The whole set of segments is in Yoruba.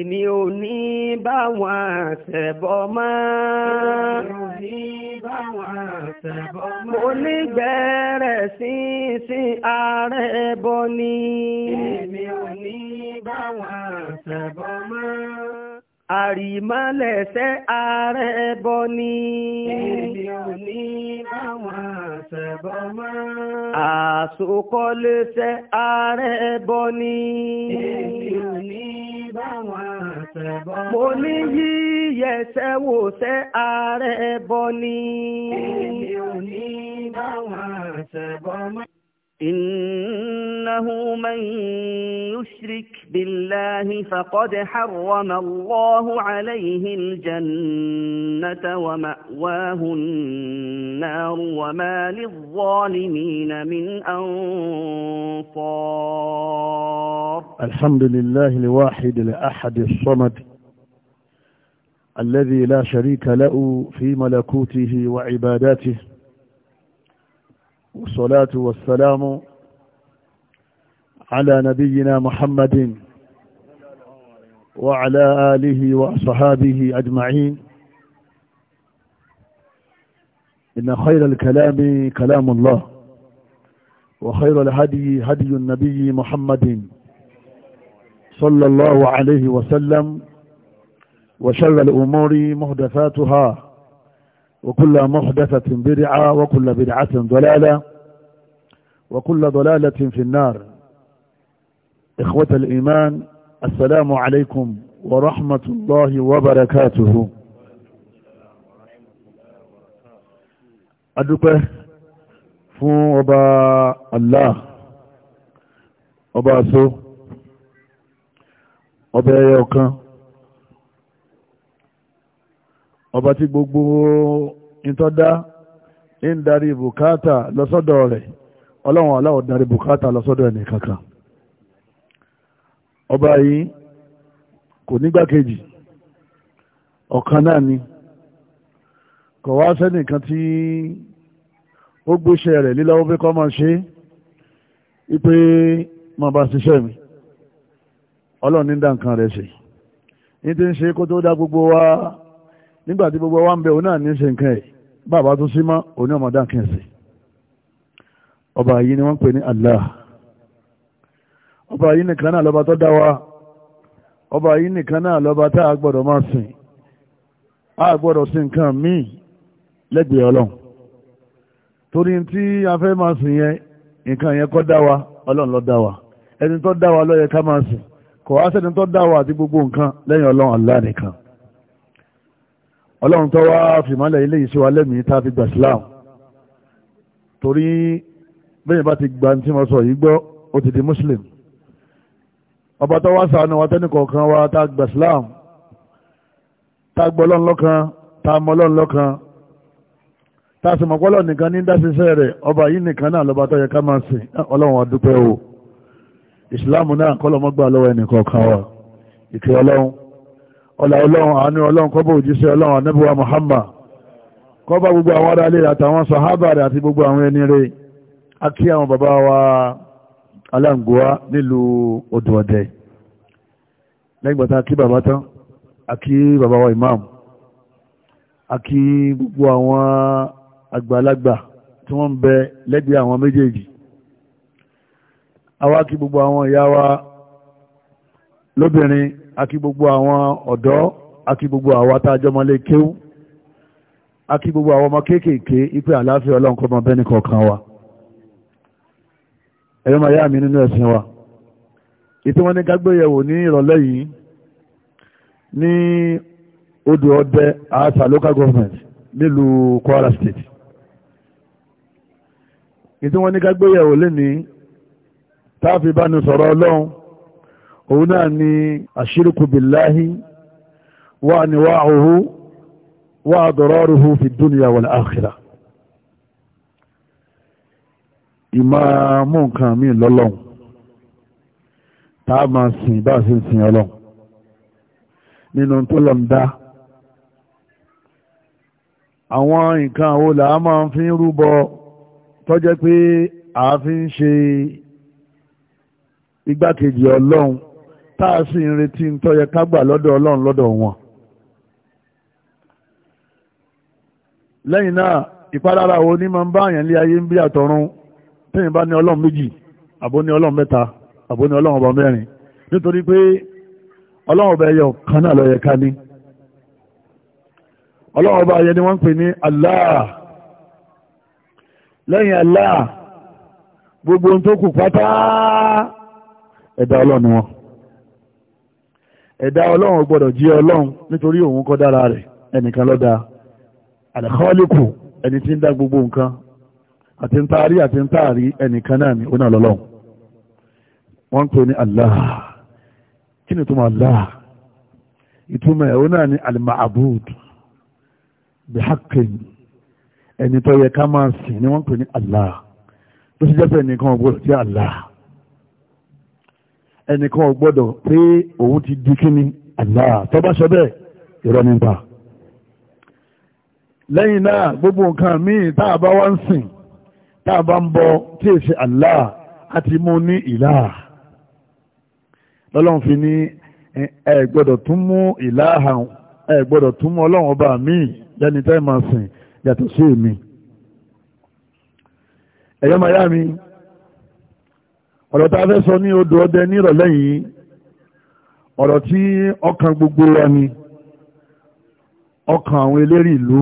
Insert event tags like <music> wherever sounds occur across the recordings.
èmi ò ní bá wọn ṣẹbọ mọ́. èmi ò ní bá wọn ṣẹbọ mọ́. mo ní gbẹ̀rẹ̀ sí sí ààrẹ bọ́ ni. èmi ò ní bá wọn ṣẹbọ mọ́ àrìmọ́lẹ̀ṣẹ́ ààrẹ bọ́ ní. èmi ò ní báwọn àṣẹ̀bọ̀ mọ́. àsokọ́lẹ́ṣẹ́ ààrẹ bọ́ ní. èmi ò ní báwọn àṣẹ̀bọ̀ mọ́. mo ní yíyẹsẹ́ wò sẹ́ ààrẹ bọ́ ní. èmi ò ní báwọn àṣẹ̀bọ̀ mọ́. إنه من يشرك بالله فقد حرم الله عليه الجنة ومأواه النار وما للظالمين من أنصار الحمد لله الواحد الأحد الصمد الذي لا شريك له في ملكوته وعباداته والصلاة والسلام على نبينا محمد وعلى آله وأصحابه أجمعين إن خير الكلام كلام الله وخير الهدي هدي النبي محمد صلى الله عليه وسلم وشر الأمور مهدفاتها وكل محدثة بدعة وكل بدعة ضلالة وكل ضلالة في النار إخوة الإيمان السلام عليكم ورحمة الله وبركاته adúpẹ́ fún ọba Allah ọba àṣó ọba ẹyẹ ọ̀kan ọba tí gbogbo ìtọ́dá ń darí bùkátà lọ́sọ́dọ̀ rẹ̀ ọlọ́run aláwọ̀ darí bùkátà lọ́sọ́dọ̀ ẹni kankan ọba yìí kò nígbàkejì ọ̀kan náà ni kò wá sẹ́nìkan tí ó gbéṣẹ́ rẹ̀ lílọ́wọ́ pé kọ́ máa ṣe wípé máa bá ṣiṣẹ́ mi ọlọ́run ní dá nǹkan rẹ̀ ṣe ní ti ń ṣe kó tó dá gbogbo wa nígbà tí gbogbo wa ń bẹ òun náà ní ṣe nǹkan ẹ̀ bàbá tó sí mọ́ òun náà mọ̀dá ọba yìí ni wọ́n ń pè ní Allah ọba yìí nìkan náà lọ́ba tó dá wa ọba yìí nìkan náà lọ́ba tá a gbọ́dọ̀ máa sìn a gbọ́dọ̀ sí nǹkan míì lẹ́gbẹ̀ẹ́ ọlọ́run torí tí a fẹ́ máa sìn yẹn nǹkan yẹn kọ́ dá wa ọlọ́run ló dá wa ẹni tó dá wa ló ká máa sìn kò wá sẹ́ni tó dá wa àti gbogbo nǹkan lẹ́yìn ọlọ́run Allah nìkan ọlọ́run tó wá fìmọ́lẹ̀ ilé ìṣẹ́ wa lẹ́mìí tá a fi gbà Islam torí bẹ́yìn bá ti gba tí mo sọ yìí gbọ́ ó ti di muslim ọba tó wá ṣàánú wa tẹ́nìkọ̀ọ̀kan wa tá a gbà Islam tá a gbọ́ ọlọ́run lọ́kan tá a mọ ọlọ́run lọ́kan tá a sì mọ̀ pọ́lọ́ nìkan ní dáṣiṣẹ́ rẹ̀ ọba yìí nìkan náà lọ́ba tó yẹ ká máa sìn ah, ọlọ́run wa dúpẹ́ o Islam náà kọ́lọ́mọ́gbà lọ́wọ́ ẹnìkọ̀ọ̀kan wa ìkẹ́ ọlọ́run ọlá ọlọ́run àánú ọlọ́run kó bá òjíṣẹ́ ọlọ́run anábíwá Muhammad kó bá gbogbo àwọn aráalé àtàwọn sàhábà rẹ̀ àti gbogbo àwọn ẹni akí àwọn bàbá wa aláǹgọ́wá nílùú odò ọ̀dẹ̀ lẹ́gbàtà akí bàbá tán wa imam akí gbogbo àwọn àgbàlagbà tí wọ́n ń bẹ lẹ́gbẹ̀ẹ́ àwọn méjèèjì àwa kí lóbìnrin akí gbogbo àwọn ọ̀dọ́ akí gbogbo àwọn atájọmọlé kéwú akí gbogbo àwọn ọmọ kéékèèké ipe àláfíà ọlọ́run kọ́ mọ bẹ́ni kọ̀ọ̀kan wa ẹ̀yọ́ máa yá mi nínú ẹ̀sìn wa ìtí wọ́n ní kágbéyẹ̀wò ní ìrọ̀lẹ́ yìí ní odò ọdẹ àṣà local government nílùú Kwara State ìtí wọ́n ní kágbéyẹ̀wò lẹ́ni táàfin bá ní sọ̀rọ̀ ọlọ́run òun náà ni àṣírùkù bìláhí wà níwá òhú wà dọ̀rọ̀rùhù fi dúnìyà wal akhira ìmá mú nǹkan mí lọ́lọ́un táà máa sìn bá sí sìn ọlọ́un nínú tó lọ dá àwọn nǹkan àwọn làá máa fi ń rúbọ tọ́jẹ́ pé àá fi ń ṣe igbákejì ọlọ́run taasị a sì ń retí ń tọ́yẹ ká gbà lọ́dọ̀ ọlọ́run wọn. lẹ́yìn náà wo ni máa ń bá àyàn lé ayé ń bí àtọ̀run tẹ́yìn bá ní ọlọ́run méjì àbó ní ọlọ́run mẹ́ta àbó ní ọba mẹ́rin nítorí pé ọlọ́run ọba ẹyọ kan náà ni wọ́n ń pè gbogbo ohun tó kù pátá ẹ̀dá ẹ̀dá ọlọ́run gbọ́dọ̀ jẹ́ ọlọ́run nítorí òun kọ́ dára rẹ̀ ẹnìkan ló dá àdàkọ́ọ́lẹ́kù ẹni tí ń dá gbogbo nǹkan àti ń taari àti ń taari ẹnìkan náà ni oní ọlọ́run wọ́n ń pè ní Allah kí ni ìtumọ̀ Allah ìtumọ̀ ẹ̀ oní àní al-ma'bud bihaqqin ẹni tó yẹ ká máa sìn ni wọ́n ń pè ní Allah ló ti jẹ́ ẹnìkan ọ̀gbọ́dọ̀ jẹ́ Allah ẹnìkan gbọ́dọ̀ pé òun ti di kíni Allah tó bá sọ bẹ́ẹ̀ irọ́ ní pa lẹ́yìn náà gbogbo nǹkan míì tá a bá wá ń sìn tá a bá ń bọ tí èsì Allah a ti mú ní ìlà lọ́lọ́run fi ní ẹ gbọ́dọ̀ tún mú ìlà hàn ẹ gbọ́dọ̀ tún mú ọlọ́run ọba míì lẹ́ni tẹ́ máa sìn yàtọ̀ sí èmi ẹ̀yọ́ máa yá mi ọ̀rọ̀ tá a fẹ́ sọ ní odò ọdẹ nírọ̀lẹ́ yìí ọ̀rọ̀ tí ọkàn gbogbo wa ni ọkàn àwọn eléré ìlú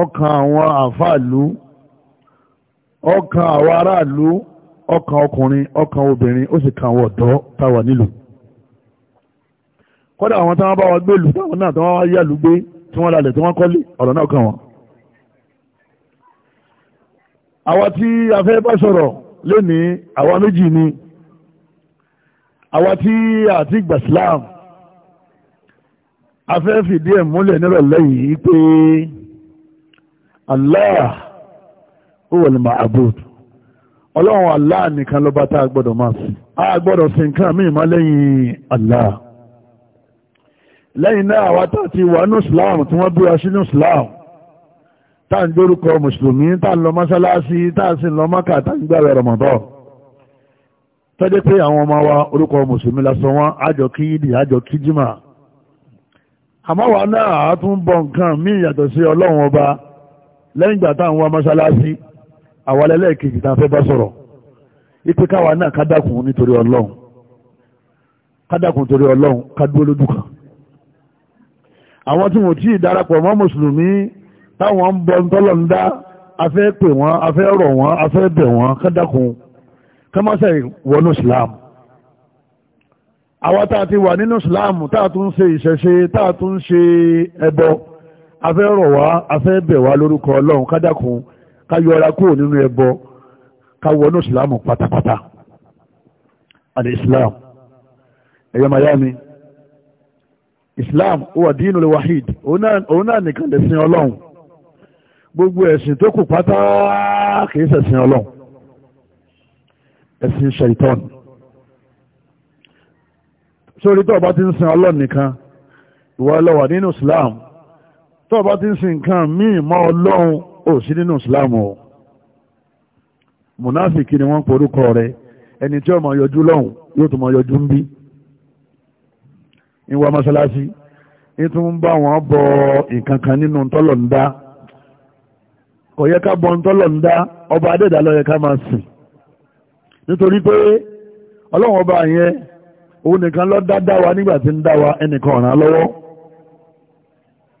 ọkàn àwọn àfáàlú ọkàn àwọn aráàlú ọkàn ọkùnrin ọkàn obìnrin ó sì kàn wọ̀ ọ̀dọ́ táwa nílùú kọ́dà àwọn táwọn bá wa gbé lù táwọn náà táwọn wá yà lù tí wọ́n lalẹ̀ tí wọ́n kọ́lé ọ̀rọ̀ náà kàn wọ́n àwa tí a fẹ́ bá sọ̀rọ̀ lénìí àwa méjì ni àwa tí àti gbà Islam a fẹ́ fìdí ẹ̀ múlẹ̀ nírọ̀lẹ́ yìí pé Allah huwa al-ma'bud ọlọ́run Allah nìkan ló bá tá a gbọ́dọ̀ máa sìn a gbọ́dọ̀ sìn nǹkan míì má lẹ́yìn Allah lẹ́yìn náà àwa tá ti wà ní Islam tí wọ́n bí wa sí ní Islam tá à ń dórúkọ mùsùlùmí tá à ń lọ mọ́sálásí tá à sì ń lọ mọ́kà tá à ń gbàwẹ̀ rọ̀mọ̀tọ́ tọ́jẹ́ pé àwọn ọmọ wa orúkọ mùsùlùmí lásán wọn àjọ kí yídì àjọ kí jimá àmọ́ wa náà á tún bọ̀ nǹkan míì yàtọ̀ sí ọlọ́run ọba lẹ́yìn ìgbà táwọn wa mọ́sálásí àwa lẹ́lẹ́kejì tá a fẹ́ bá sọ̀rọ̀ ipe káwa náà kádàkùn nítorí ọlọ́run kádàkùn torí ọlọ́run kádúró lójú kan àwọn tí wọn ò tí darapọ̀ mọ́ mùsùlùmí táwọn ń bọ ntọ́lọ̀ ń dá afẹ́ pè wọ́n afẹ́ rọ̀ wọ́n afẹ́ bẹ̀ wọ́n kádàkùn kámásẹ̀ wọnú islam àwa tá a ti wà nínú islam tá a tún ṣe ìṣẹ̀ṣe tá a tún ṣe ẹbọ afẹ́ rọ̀ wá afẹ́ bẹ̀ wá lórúkọ ọlọ́run kádàkùn ká yọra kúrò nínú ẹbọ ká wọnú islam pátápátá al-islam ẹ̀yọ́ miami islam huwa dínú lè wahid òun náà nìkan lè sin ọlọ́run gbogbo ẹ̀sìn tó kù pátá kìí ṣẹ̀sìn ọlọ́run ẹ̀sìn ṣẹ̀tọ́nù sórí tó bá ti ń sin ọlọ́run nìkan ìwọ ẹlọ́wà nínú islam tó bá ti ń sin nǹkan míì mọ́ ọlọ́run ò sí nínú islam o mùnáfìkì ni wọ́n porúkọ rẹ ẹni tí ó máa yọjú lọ́hùn yóò tún máa yọjú ń bí ìwà mọ́sálásí ìtún bá wọn bọ nǹkan kan nínú tọ́lọ̀ ń dá kò yẹ ká bọ́n tọ́lọ̀ ń dá ọba adẹ́dà ló yẹ ká máa sìn nítorí pé ọlọ́run ọba yẹn òun nìkan ló dá dá wa nígbà tí ń dá wa ẹnìkan ràn án lọ́wọ́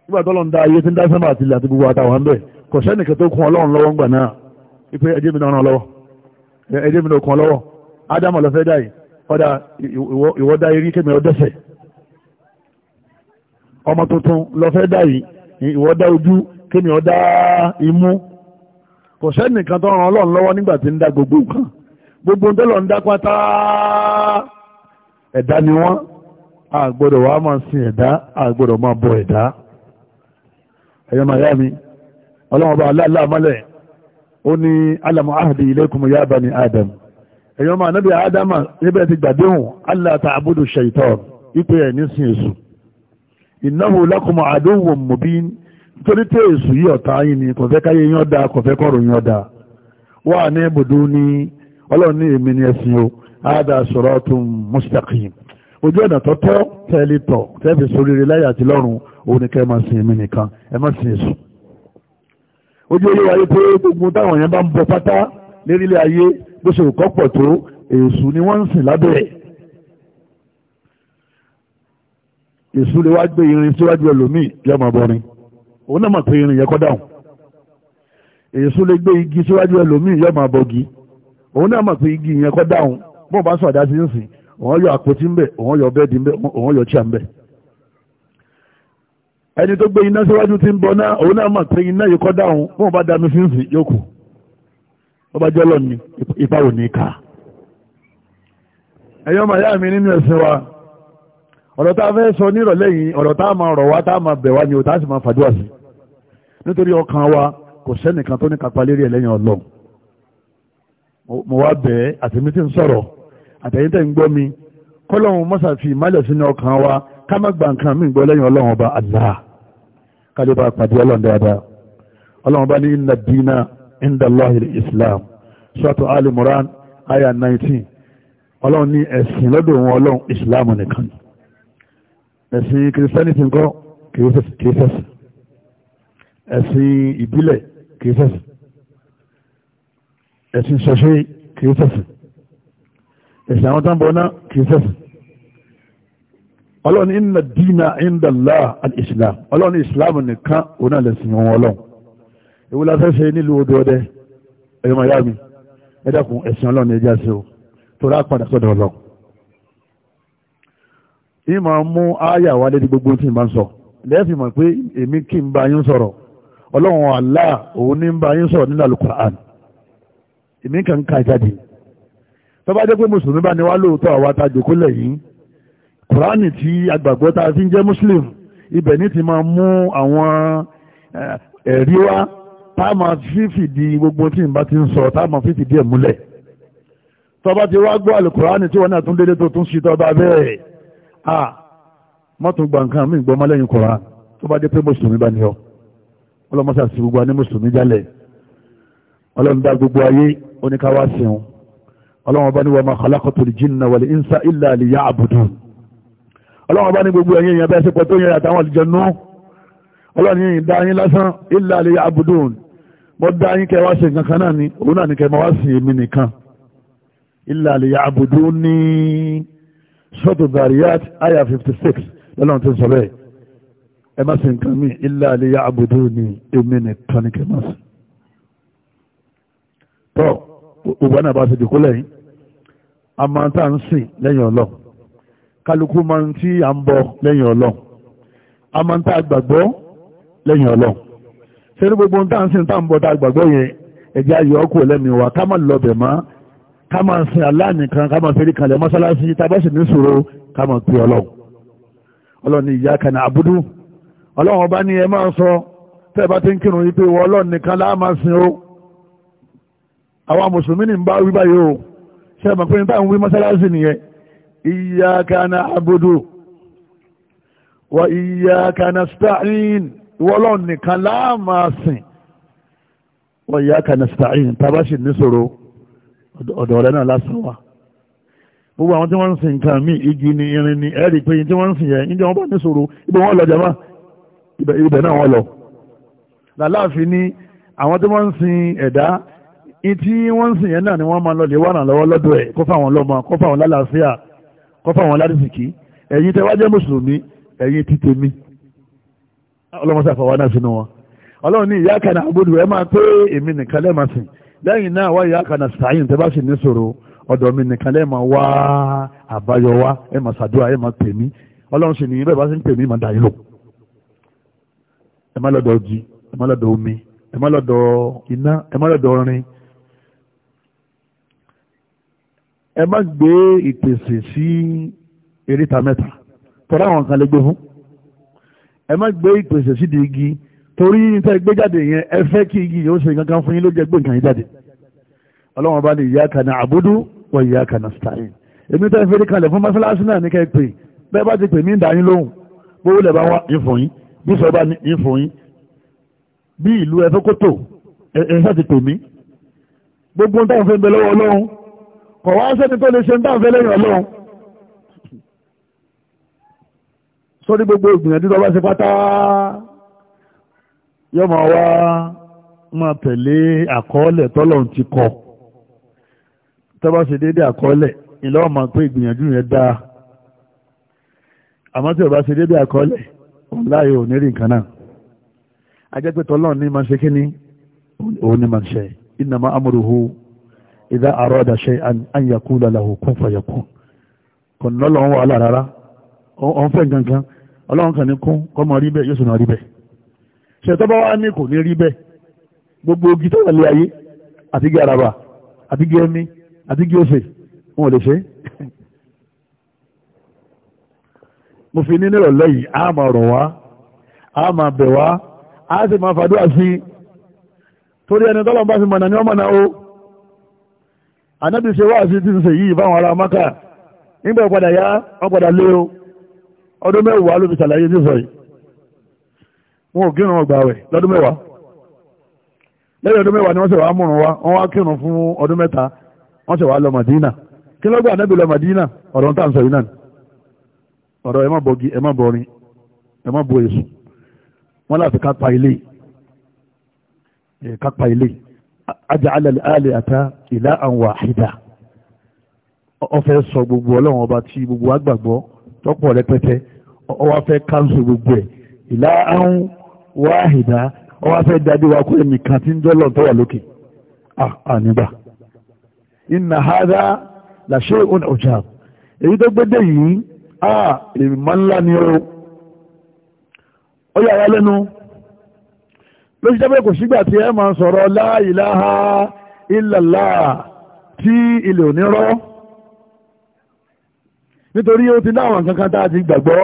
nígbà tọ́lọ̀ ń dá ayé tí ń dá sánmà àti ilẹ̀ àti gbogbo àtàwọn ń bẹ̀ kò sẹ́nìkan tó kún ọlọ́run lọ́wọ́ ńgbà náà wípé ẹjẹ́ mi náà ràn lọ́wọ́ ẹjẹ́ mi náà kún lọ́wọ́ ádámù ló dá yìí ọ̀dà ìwọ dá irí kémi ọdẹ́sẹ̀ kò sẹ́nìkan tó ràn ọlọ́run lọ́wọ́ nígbà tí gbogbo nǹkan gbogbo ń tọ́lọ̀ ń dá pátá a gbọ́dọ̀ máa sin ẹ̀dá a gbọdọ máa bọ ẹ̀dá ẹ̀yọ́ yá mi ọlọ́run aláàlá mọ́lẹ̀ ó alamu ahadi ya bani adam torí tí èsù yí ọ̀tá yìí ni kò fẹ́ káyé yán dáa kò fẹ́ kọ́rọ̀ yán dáa wà ní ibùdó ní ọlọ́run ní èmi ni ẹ̀sìn o àádá siratun mustaqim ojú ọ̀nà tọ́tọ́ tẹ́lẹ̀ tọ̀ tẹ́fẹ̀ sóríire láyé àti lọ́run òun ni kẹ́ máa sin èmi nìkan ẹ má sin èsù ojú oyé wáyé pé gbogbo táwọn yẹn bá ń bọ pátá lérílẹ̀ ayé bó ṣe kọ́ pọ̀ tó èsù ni wọ́n ń sìn lábẹ́ èsù lè wá gbé irin síwájú ẹlòmíì yọmọ bọrin òun náà mọ̀ pé irin yẹn kọ́ dáhùn èso lè gbé igi síwájú ẹlòmíì yóò máa bọ̀gì òun náà mọ̀ pé igi yẹn kọ́ dáhùn bóun bá sọ̀dá sí nsìn òun yọ àpótí ńbẹ òun yọ bẹ́ẹ̀dì ńbẹ òun yọ chíà ńbẹ. ẹni tó gbé iná síwájú ti ń bọ náà òun náà mọ̀ pé iná yìí kọ́ dáhùn bóun bá dami sí nsìn yóò kù ó bá jẹ́ lọ́ni ipa ò ní ká. ẹ̀yọ́ màyá mi nínú ẹ̀sìn wa ọ̀rọ̀ tá a fẹ́ sọ nírọ̀lẹ́ yìí ọ̀rọ̀ tá a máa rọ̀ wá tá a máa bẹ̀ wá ni ò tá a sì máa fàdúrà sí i nítorí ọkàn wa kò sẹ́nìkan tó ní kápá lérí ẹ̀ lẹ́yìn ọlọ́run mo wá bẹ̀ẹ́ àtẹ̀mí tí ń sọ̀rọ̀ àtẹ̀yìn tẹ̀ ń gbọ́ mi kọ́lọ́hún mọ́sà fi ìmálẹ̀ sínú ọkàn wa ká má gba nǹkan mí gbọ́ lẹ́yìn ọlọ́run ọba Allah kálí bá pàdé ọlọ́run dáadáa ọlọ́run bá ní inna dina islam suratu ali moran aya 19 ọlọ́run ní ẹ̀sìn lọ́dọ̀ wọn ọlọ́run islam nìkan ẹ̀sìn kìrìsìtẹ́nì ti ń kọ́ kìrìsìtẹ́sì ẹ̀sìn ìbílẹ̀ kìí ṣẹ̀sìn ẹ̀sìn ṣọ̀ṣe kìí ṣẹ̀sìn ẹ̀sìn àwọn tó ń bọ̀ náà kìí ṣẹ̀sìn ọlọ́run inna dina inda Allah al-islam ọlọ́run islam nìkan òun náà lẹ̀sìn wọn ọlọ́run ewu la fẹ́ ṣe nílùú odò ọdẹ ẹ̀yọ́ máa yá mi ẹ dákun ẹ̀sìn ọlọ́run ẹja ṣe o torí á padà sọ́dọ̀ ọlọ́run ìmọ̀ mú áyà wálé gbogbo tí n ń sọ lẹ́ẹ̀fì pé èmi kí n bá yín sọ̀rọ̀ ọlọ́run Allah òun ní ń bá yín sọ̀rọ̀ nínú alukur'an èmi kàn ń ka jáde tó bá jẹ́ pé mùsùlùmí bá ní wá lóòótọ́ àwa ta jòkó lẹ́yìn kùránì tí agbàgbọ́ ta fi ń jẹ́ muslim ibẹ̀ ní ti máa mú àwọn eh, ẹ̀rí wá tá a máa fífìdí gbogbo tí n bá ti ń sọ tá a máa fífìdí ẹ̀ múlẹ̀ tó ti wá gbọ́ alukur'an tí wọ́n náà tún dédé tó tún sí tó bẹ́ẹ̀ ah mọ́tò gbàǹkan mi gbọ́ mọ́lẹ́yìn kùránì tó bá jẹ́ pé mùsùlùmí bá ní ọ ọlọ́mọsá sí gbogbo ní mùsùlùmí jálẹ̀ ọlọ́run dá gbogbo ayé oníkáwá sẹ́wọ̀n ọlọ́run bá ní wa ma khalaqatul jinna wal insa illa liya'budun ọlọ́run bá ní gbogbo ẹ̀yìn èèyàn bẹ́ẹ̀ sípò tó yẹ àtàwọn àlùjànnú ọlọ́run yìí dá yín lásán illa liya'budun mọ́ dá yín kẹ́ wá sí nǹkan 56 lọ́lọ́run ti sọ ẹ má sin nǹkan mi ilé àlẹ́yà àbùdó ni èmi nìkan ni kẹ́ má sin. tọ́ ògbà náà bá ti dìkú lẹ́yìn a máa ń tà ń sìn lẹ́yìn ọlọ́ kálukú máa ń tí à ń bọ lẹ́yìn ọlọ́ a máa ń tà gbàgbọ́ lẹ́yìn ọlọ́ ṣé ní gbogbo ń tà ń sìn tà ń bọ tà gbàgbọ́ yẹn ẹ̀jẹ̀ ayọ̀ ọkọ̀ lẹ́mìí wa ká má lọ mọ́ ká máa sin Allah nìkan ká máa fẹ́rí kanlẹ̀ mọ́sálásí tàbí ní sòro ká máa pè ọlọ́run ọlọ́run ni ìyá kan àbúdú ọlọ́run ọba ní ẹ máa sọ tẹ́ ẹ bá ti ń kírun yìí pé wọ́n ọlọ́run nìkan láà máa sin o àwa mùsùlùmí ní bá wí báyìí o ṣe mọ̀ pé ní táwọn wí mọ́sálásì nìyẹn iyyaka na'budu wa iyyaka nasta'in ìwọ ọlọ́run nìkan láà máa sìn wa iyyaka nasta'in tàbá sì níṣòro ọ̀dọ̀ ọ̀rẹ́ náà lásán wa gbogbo àwọn tí wọ́n ń sin nǹkan míì igi ni irin ni ẹ̀rí pé tí wọ́n ń sin yẹn níjẹ́ ibẹ̀ náà wọ́n lọ làláàfin ni àwọn tí wọ́n ń sin ẹ̀dá tí wọ́n ń sin yẹn náà ni wọ́n máa lọ lè wà ràn lọ́wọ́ lọ́dọ̀ ẹ̀ kó fáwọn lọ́mọ kó fáwọn lálàáfíà kó fáwọn ládìsìkí ẹ̀yin tẹ́ wá jẹ́ mùsùlùmí ẹ̀yin ti tèmi ọlọ́mọsá fọwọ́ náà sínú wọn ọlọ́run ní ìyá kan àgbòdù ẹ máa pé èmi nìkan lẹ́ẹ̀ máa sìn lẹ́yìn náà wá ìyá kan sàáyìn tẹ́ bá sì ní ṣòro ọ̀dọ̀ mi nìkan lẹ́ẹ̀ máa wá àbáyọ wá ẹ máa ṣàdúrà ẹ máa pè mí ọlọ́run sì ní bẹ́ẹ̀ bá sì ń pè mí máa dà yín lò ẹ má lọ́dọ̀ ojì ẹ má lọ́dọ̀ omi ẹ má lọ́dọ̀ iná ẹ má lọ́dọ̀ ọrin ẹ má gbé ìpèsè sí eréta mẹ́ta tọ́ra àwọn kan lè gbé fún ẹ má gbé ìpèsè sí di igi torí níta gbé jáde yẹn ẹ fẹ́ kí igi yóò ṣe kankan fún yín ló jẹ́ gbé nǹkan yín jáde ọlọ́run bá ní ìyá kaná àbúdú wọ ìyá kaná stein èmi tẹ́ fẹ́ẹ́ kalẹ̀ fún mọ́sálásí náà ní ká ẹ bẹ́ẹ̀ bá ti pè mí dá yín lóhùn gbówó lẹ̀ bá wá yín fún yín bí sọba ní ìfò yín bí ìlú ẹfẹ́kótó ẹ̀ṣá ti tèmi gbogbo táwọn fẹ́ ń bẹ lọ́wọ́ ọlọ́run kọ̀ wá sẹ́ni tó lè ṣe ń táwọn fẹ́ lẹ́yìn ọlọ́run sọ́ni gbogbo ìgbìyànjú tó bá ṣe pátá yóò máa wá máa tẹ̀lé àkọọ́lẹ̀ tọ́lọ́run ti kọ tó bá ṣe déédéé àkọọ́lẹ̀ ìlọ́wọ́ máa pé ìgbìyànjú yẹn dáa àmọ́ tí ò bá ṣe déédéé àkọọ́lẹ̀ láàyè ò ní rí nǹkan náà ajẹ́pẹ̀tọ́ lọ́n ní máa ṣe kí ni òun ní máa ṣe innama amruhu idha arada shay'an an yaqula lahu kun fayakun kò ní lọ́lọ́run wà lára ọ̀n fẹ́ gangan ọlọ́run kàn ní kún kọ́ mọ rí bẹ́ẹ̀ yóò sì náà rí bẹ́ẹ̀ ṣe tọ́ bá wá ní kò ní rí bẹ́ẹ̀ gbogbo ogi tó wà lé ayé àti gé araba àti gé ẹmí àti gé ọ̀sẹ̀ wọn ò lè ṣe é mo fi ní nírọ̀lẹ́ yìí a máa rọ̀ wá a máa bẹ̀ wá a sì máa fàdúrà sí torí ẹni tọ́lọ̀ bá fi mọ̀nà ní ọmọ náà o anábì ṣe wá sí ti yìí maka nígbà padà yá wọ́n lé o ọdún mẹ́wàá ló fi ṣàlàyé sí sọ yìí wọn ò kírun ọgbà lọ́dún mẹ́wàá lẹ́yìn ọdún mẹ́wàá ni wọ́n wá wọ́n Madina kí lọ́gbà ọ̀rọ̀ ń tà ń ọ̀rọ̀ ẹ má bọ̀gi ẹ má bọ̀rin ẹ má bọ èso wọ́n láti kápá ilé kápá ilé aj'ala al-alihata ilahan wahida ọfẹ́ sọ gbogbo ọlọ́run ọba tí gbogbo agbàgbọ́ tọ́pọ̀ rẹpẹtẹ ọwọ́ fẹ́ káńsù gbogbo ẹ̀ ilahan wahida ọwọ́ fẹ́ dáadé wa kó ẹ̀mí kan tí ń jọ́lọ̀ tó wà lókè àníbà inna hadha la shay'un èyí tó gbé dé yìí àà ah, èèmọ̀ ńlá ni ó ó yàrá lẹ́nu ló ṣe jẹ́ pé kò sígbà tí ẹ máa sọ̀rọ̀ la ilaha illallah tí ilẹ̀ ò ní rọ́ nítorí ó ti láwọn kankan tá a ti gbàgbọ́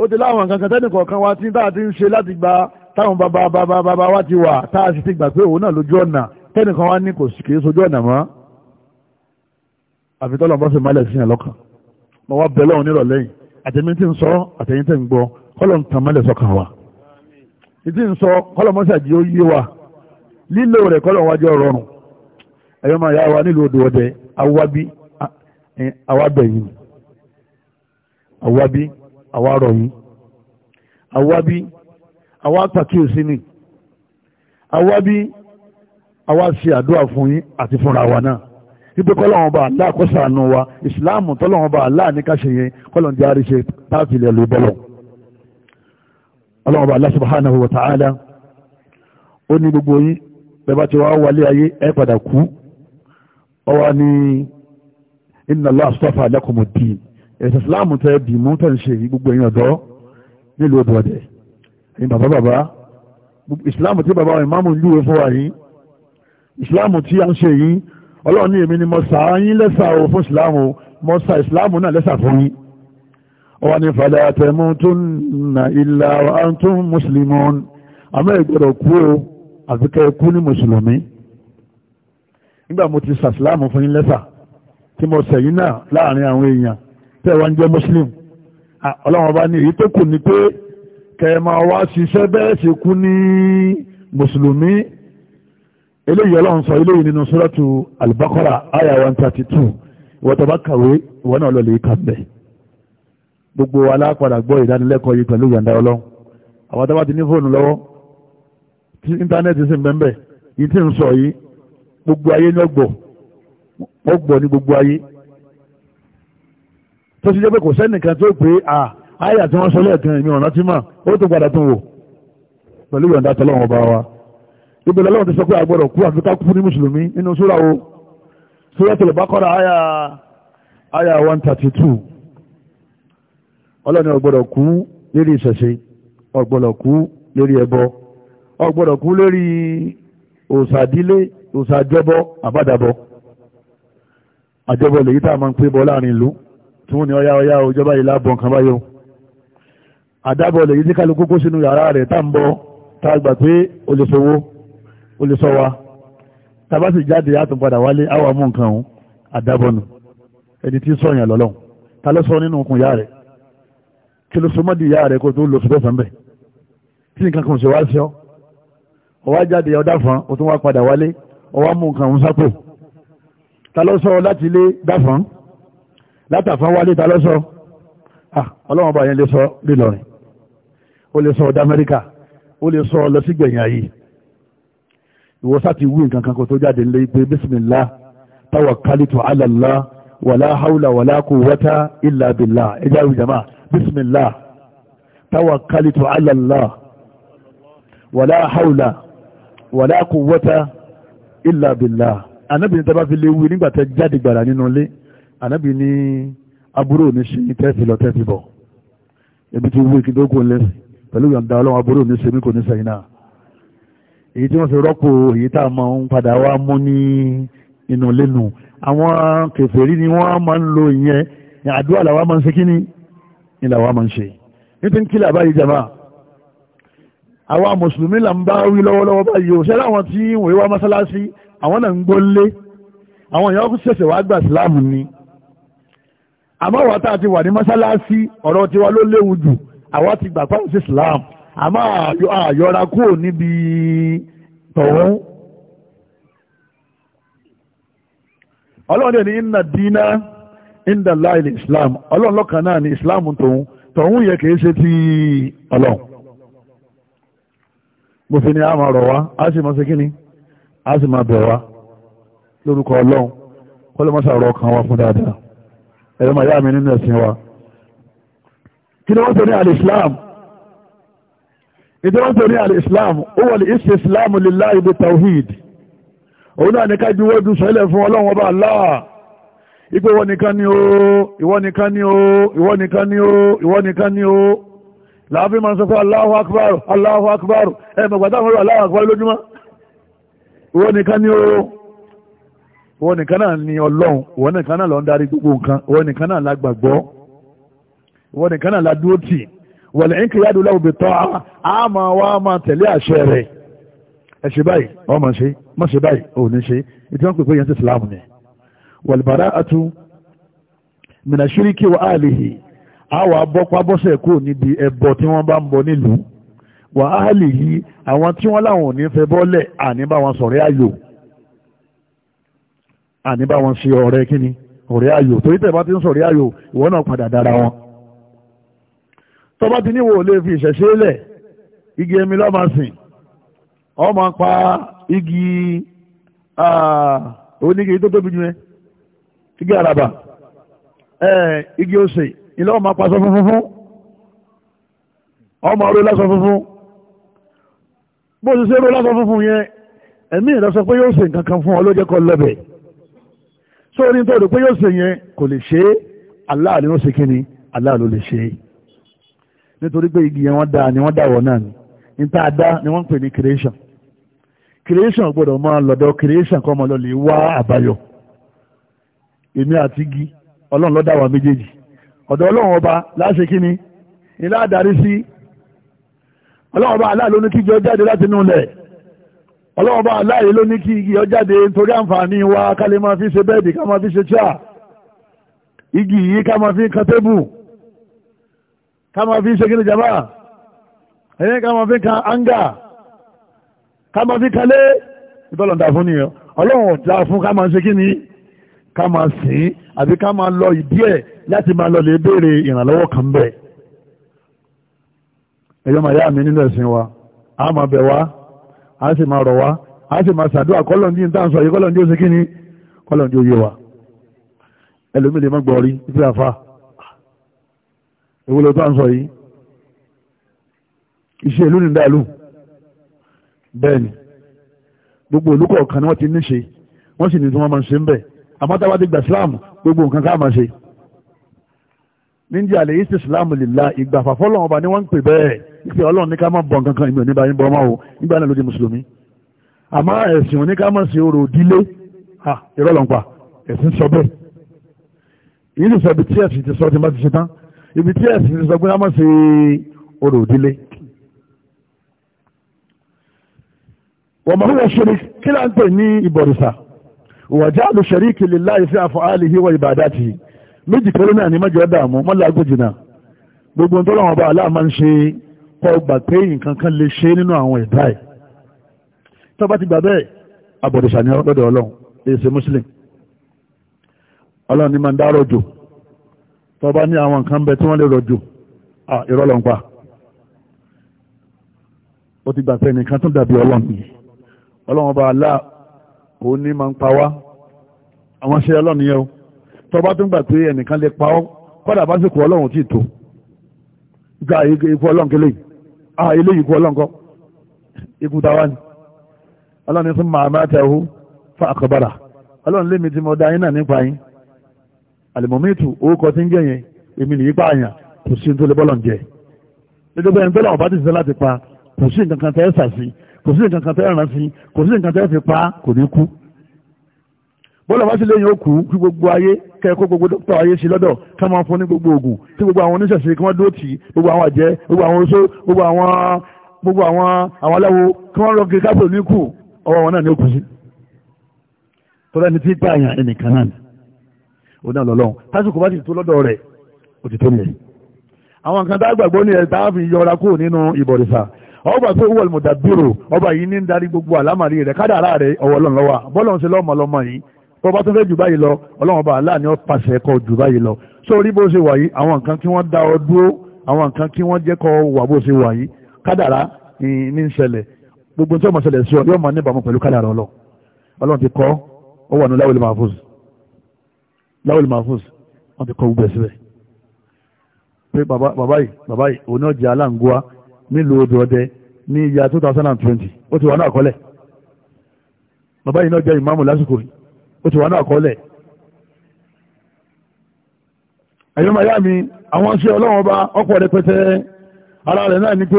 ó ti láwọn kankan tẹ́nìkọ̀ọ̀kan wa tí tá a ti ń ṣe láti gba táwọn bàbá bàbá bàbá wa ti wà tá a sì ti gbà pé òun náà lójú ọ̀nà tẹ́nìkan wa ní kò sì kìí sojú ọ̀nà mọ́ àfitọ́lọ̀ bọ́sẹ̀ mọ́lẹ̀ sí ẹ̀ lọ́kàn mo wá bẹ̀ lọ́wọ́ nírọ̀lẹ́ yìí àtẹ̀mí tí ń sọ àtẹ̀yìn tí ń gbọ́ kọ́lọ̀ ń tàn mọ́lẹ̀ sọ́kàn wa ìdí ń sọ kọ́lọ̀ mọ́sàdì ó yé wa lílo rẹ̀ kọ́lọ̀ wájú ọ̀rọ̀rùn ẹ̀yọ́ máa yá wa nílùú odò ọdẹ awábí awábẹ̀yìn awábí awárọ̀yìn awábí awátàkíyèsí ni awábí awá àdúrà fún yín àti fúnra wa náà ibi kọ́lọ́wọ́n bá aláà kó sànù wa ìsìláàmù tọ́lọ́wọ́n bá aláà ní káṣe yẹn kọ́lọ́n di àríṣe táàfìlẹ̀ ló bọ́lọ̀ ọlọ́wọ́n bá aláà subhanahu wa ta'ala ó ní gbogbo yín bẹ́ẹ̀ bá ti wá wálé ayé ẹ padà kú ọ wá ní inna Allah astafa lakum ad-din ẹ̀sẹ̀ ìsìláàmù tẹ́ dì mú tẹ́ ń ṣe gbogbo yín ọ̀dọ́ nílùú ọ̀dọ̀ ẹ̀yin bàbá bàbá ìsìláàmù tí bàbá ọlọ́run ní èmi ni mo sà yín lẹ́sà o fún ìsìláàmù mo sà ìsìláàmù náà lẹ́sà fún yín ọwọ́ ni fàdà tẹ̀mú tó nà ilà àtún mùsùlùmọ́n àmọ́ ìgbọ́dọ̀ kú o àfikẹ́ kú ní mùsùlùmí nígbà mo ti sà ìsìláàmù fún yín lẹ́sà tí mo sẹ̀ yín náà láàrin àwọn èèyàn tẹ́ wá ń jẹ́ muslim ọlọ́run bá ní èyí tó kù ni pé kẹ́ máa wá ṣiṣẹ́ bẹ́ẹ̀ ṣe kú ní mùsùlùmí eléyìí ọlọ́run sọ eléyìí nínú sọ́rọ́tù Al-Baqara àyà one thirty two ìwọ́n tó bá kàwé ìwọ́n náà lọ lè kà bẹ̀. gbogbo aláàpàdà gbọ́ ìdánilẹ́kọ̀ọ́ yìí pẹ̀lú ìyànda ọlọ́run àwọn tó bá ti ní fóònù lọ́wọ́ tí íńtánẹ́ẹ̀tì sì ń bẹ́ẹ̀ bẹ́ẹ̀ yìí tí ń sọ yìí gbogbo ayé ní ọgbọ̀ ọgbọ̀ ní gbogbo ayé tó ti jẹ́ pé kò sẹ́nìkan tó pé àyà tí wọ́n sọ lẹ́ẹ̀kan ìmí ọ̀nà tí mà ó tó padà tó wò pẹ̀lú ìyànda tọ́lọ́wọ́n ọba wa ibi lọ́wọ́ ti sọ pé àgbọ̀dọ̀ kú àfi ká kú ní mùsùlùmí nínú súra o Suratul Baqara àyà àyà one thirty two ọlọ́ni ọ̀gbọ̀dọ̀ kú lérí ìṣẹ̀ṣe ọ̀gbọ̀dọ̀ kú lérí ẹbọ ọ̀gbọ̀dọ̀ kú lérí òsàdílé òsàjọbọ àbádàbọ àjọbọ lèyí tá a máa ń pé bọ láàrin ìlú tí wọ́n ní ọyá ọyá òjọba ìlà bọ̀ nǹkan báyọ̀ àdábọ̀ lèyí tí kálukú kó sínú yàrá rẹ̀ tá ń bọ tá a gbà pé olùsowó ó lè sọ wa tàbá sì jáde àtún padà wálé àwọn amú nǹkan ọ̀hún àdábọ̀nù ẹni tí sọ̀yàn lọ́lọ́hún ta ló sọ nínú okùn ìyá rẹ̀ kí ló so mọ́dì ìyá rẹ̀ kó tó lò sùpẹ́ sàn bẹ̀ tí nǹkan kan ṣe wá sí ọ ọwá jáde ọdá fún ọ tún wá padà wálé ọwá mú nǹkan ọ̀hún sápò ta ló sọ láti ilé dáfọ́n látàfán wálé ta ló sọ ah, ọlọ́wọ́n bá yẹn lè sọ lílọrin ó lè sọ ọdá amẹ́ríkà ó lè sọ lọ sí gbẹ̀yìn ayé ìwọ sáti wí nǹkan kan kó tó jáde lé pé bísímìlá tawakkaltu ala Allah wàlá haúlà wàlá quwwata illa billah ẹjá ìwé jama bísímìlá tawakkaltu ala Allah wàlá haúlà wàlá quwwata illa billah anábì ní tẹ́bá fi lé wí nígbà tẹ́ jáde gbàrà nínú ilé anábì ní aburú ní ṣe tẹ́sí lọ tẹ́sí bọ̀ ebi ti wí kí dógún lẹ́sìn pẹ̀lú yọ̀ǹda ọlọ́run aburú ní ṣe mí kò ní sẹ́yìn náà èyí tí wọ́n fi rọ́pò èyí tá a máa ń padà wá mú ní inú lẹ́nu àwọn kèfèrí ni wọ́n máa ń lo ìyẹn ní àdúrà làwọn máa ń ṣe kíní ni làwọn máa ń ṣe nítorí kí làbá yìí jàmbá àwa mùsùlùmí là ń bá wí lọ́wọ́lọ́wọ́ báyìí ò ṣẹlẹ̀ àwọn tí wọ́n wá mọ́sálásí àwọn náà ń gbó lé àwọn èèyàn ṣẹ̀ṣẹ̀ wá gbà síláàmù ni àmọ́ wàtá àti wà ní mọ́sálásí ọ̀rọ̀ tiwa ló léwu jù àwa ti gbà pàṣẹ síláàmù a máa àyọra kúrò níbi tọ̀hún ọlọ́run ní inna dínà inda láì islam ọlọ́run lọ́kàn náà ní islam tòun tòun yẹ kìí ṣe ti ọlọ́run mo fi ní rọ̀ wá a sì máa ṣe kí ni a sì máa bẹ̀ wá lórúkọ ọlọ́run kọ́lọ́mọ́sà kan wá fún dáadáa ẹ̀rọ màá yá ìjọba ń torí àlè islam ó wọlé ìsì islam lillahi bi tawhid òun náà ní ká ju wọ́dù sọ́lẹ̀ fún ọlọ́run ọba Allah ipò ìwọ nìkan ni ó ìwọ nìkan ni ó ìwọ nìkan ni ó ìwọ nìkan ni ó láàfin máa ń sọ fún Allahu akbar Allahu akbar ẹ mọ̀ gbàtà àwọn Allahu akbar lójúmọ́ ìwọ nìkan ni ó ìwọ nìkan náà ni ọlọ́run ìwọ nìkan náà ló ń darí gbogbo nǹkan ìwọ nìkan náà la gbàgbọ́ wọ̀lẹ̀ ń kìyàdù lọ́wọ́ bìtọ́ a máa wá máa tẹ̀lé àṣẹ rẹ̀ ẹ ṣe báyìí ọmọ ṣe má ṣe báyìí ò ní ṣe ìtí wọ́n pèpè yẹn sí Islam ni wọ̀lbàrá àtú mìnà ṣíríkì wa áàlìhì àwọn abọ́pábọ́sẹ̀ kò níbi ẹbọ tí wọ́n bá ń bọ nílùú wa áàlìhì àwọn tí wọ́n láwọn ò ní fẹ́ bọ́lẹ̀ àní bá wọn sọ̀rẹ́ ayò àní bá wọn ṣe ọ̀rẹ́ kíni tọ́ba ti níwò lè fi ìṣẹ̀ṣe lẹ̀ igi ẹ̀mí lọ́mọ sìn ọmọ pa igi onígi tó tóbi jù yẹn igi àràbà igi òsè ilé ọmọ apasọ funfun ọmọ ọrọ lásọ funfun bó ṣe ṣe ọrọ lásọ funfun yẹn ẹ̀mí ìrọsọ pé yóò ṣe nǹkan kan fún ọ ló jẹ́ kọ́ lọ́bẹ̀ sórí nítorí pé yóò ṣe yẹn kò lè ṣe aláàlú ló ṣe kíni aláàlú lè ṣe é. nítorí pé igi yẹn wọ́n dá ni wọ́n dáwọ̀ náà ni níta dá ni wọ́n ń pè ní creation creation gbọ́dọ̀ máa lọ́dọ̀ creation kọ́ ọmọ lọ lè wá àbáyọ èmi àti igi ọlọ́run ló dá wa méjèèjì ọ̀dọ̀ ọlọ́run ọba láṣẹ kí ni ilé àdarí sí ọlọ́run ọba aláàlú ní kí igi ó jáde láti inú ilẹ̀ ọlọ́run ọba aláàlú ló ní kí igi ó jáde nítorí àǹfààní wa ká máa fi ṣe bẹ́ẹ̀dì ká máa fi ṣe chair igi yìí ká máa fi kan tébù Kama máa fi ṣe kí ni jàmbá ẹ̀yẹ́ ká máa fi kan áńgà ká máa fi kalé ìtọ́lọ̀ dà fún nìyẹn ọlọ́run dà fún ká máa ṣe kí ni ká máa sìn àbí ká máa lọ ìdí ẹ̀ láti máa lọ lè béèrè ìrànlọ́wọ́ kan bẹ́ẹ̀ ẹ̀yọ́ màá yá mi nílẹ̀ sin wa a máa bẹ̀ wá a sì máa rọ̀ wá a sì máa ṣàdúrà kọ́lọ̀ndì ń tàn sọ yìí kọ́lọ̀ndì ó ṣe kí ni kọ́lọ̀ndì ó yé wa ẹlòmílẹ̀ mọ́gbọ̀ọ́rí ìfẹ́ àfáà èwo ló bá ń sọ yìí iṣẹ́ ìlú nìdálù bẹ́ẹ̀ ni gbogbo ìlú kọ̀ọ̀kan ni wọ́n ti níṣe wọ́n sì ní tí wọ́n máa ń ṣe ń bẹ̀ àmọ́ tá a bá ti gbà síláàmù gbogbo nǹkan ká máa ṣe níjà lè yíṣẹ́ síláàmù lìlá ìgbà àfàfọ́ lọ́wọ́ ọba ni wọ́n ń pè bẹ́ẹ̀ ìpè ọlọ́run ní ká má bọ̀ nǹkan kan ìmì òníbàyín bọ́ máa wò nígbà náà ló di mùsùlùmí àmọ́ ẹ̀sìn òní ká ṣe orò òdílé ìrọ̀lọ́npa ẹ̀sìn sọ bẹ́ẹ̀ ìyí ti sọ ibi tí ẹ̀sìn ti sọ ti má ti ṣe tán ibi tí ẹ̀sìn ti sọ pé wọ́n ṣe orò òdílé wọ́n mọ̀ wọ́n ṣe kí là ń pè ní ìbọ̀rìṣà ìwàjá àlùṣẹ̀rí ìkìlẹ̀ láì sí àfọ̀hálì wa ibadatihi méjì pẹ̀lú náà ní mọ́jọ dààmú mọ́lágójìnà gbogbo tó lọ́wọ́ bá aláàmá ń ṣe kọ́ gbà pé nǹkan kan lè ṣe nínú àwọn ẹ̀dá ẹ̀ tó bá ti gbà bẹ́ẹ̀ abọ̀dìṣà ní ọlọ́dọ̀ ọlọ́run èsè muslim ọlọ́run ni máa ń dárò jò tó bá ní àwọn nǹkan bẹ tí wọ́n lè rọ̀jò ìrọ̀lọ́npa ó ti gbàtẹ́ nìkan tó dàbí ọlọ́run ọlọ́run bá aláà kò ní máa ń pa wá àwọn ṣe ọlọ́run yẹn o tó bá tún gbà pé ẹnìkan lè pa ọ́ kọ́dà bá sì kú ọlọ́run tí tó gba ikú ọlọ́run kele ah eléyìí ikú ọlọ́run kọ́ ikú táwa ni ọlọ́run tún máa máa fún àkọ́bàrà ọlọ́run lémi tí mo dá yín náà nípa yín àlìmọ̀mẹ́tù owó kan ti ń jẹ́ yẹn èmi nìyí pààyàn kò sí tó lè jẹ nítorí bẹ́ẹ̀ nítorí bá ti ṣiṣẹ́ láti pa kò sí nǹkan kan tẹ́ ẹ̀ sà sí kò sí nǹkan kan tẹ́ ẹ̀ ràn sí kò sí nǹkan tẹ́ ẹ̀ fi pa kò ní kú bọ́lá wá sí lẹ́yìn ó kú kí gbogbo ayé kẹ́kọ́ gbogbo dókítà ayé sí lọ́dọ̀ ká máa fún ní gbogbo oògùn tí gbogbo àwọn oníṣẹ̀ṣe kí wọ́n dúró tì gbogbo àwọn àjẹ́ gbogbo ó náà lọ́lọ́run tásìkò bá ti tó lọ́dọ̀ rẹ̀ ó ti tó nìyẹn àwọn kan tá a gbàgbọ́ ní ẹ̀ tá a fi yọra kúrò nínú ìbọ̀rìṣà ọba tó wọlé mọ̀dàbírò ọba yìí ní ń darí gbogbo àlámàrí rẹ̀ kádàrá rẹ̀ ọwọ́ ọlọ́run ló wà bọ́lọ̀ ń ṣe lọ́mọ lọ́mọ yìí bọ́ bá tó fẹ́ jù báyìí lọ ọlọ́run ọba aláàní ó pàṣẹ kó jù báyìí lọ sórí bó ṣe wà yìí àwọn nǹkan tí wọ́n dá ọ dúró àwọn nǹkan tí wọ́n jẹ́ kó wà bó ṣe wà yìí kádàrá ní ṣẹlẹ̀ gbogbo tí ọmọ ṣẹlẹ̀ sí ọ yóò máa níbàámu pẹ̀lú kádàrá ọlọ́run ti kọ́ ó wà ní láwùlẹ̀ mahfuz láwùlì mahfuz wọ́n ti kọ gbogbo ẹ̀ síbẹ̀ pé bàbá yìí bàbá yìí òun náà jẹ́ aláǹgọ́wá nílùú odò ọdẹ ní ìyá 2020 ó ti wà náà kọ́lẹ̀ bàbá yìí náà jẹ́ ìmáàmù lásìkò ó ti wà náà kọ́lẹ̀ ẹ̀yọ́ màá yá mi àwọn ṣe ọlọ́wọ́n bá ara rẹ̀ náà ni pé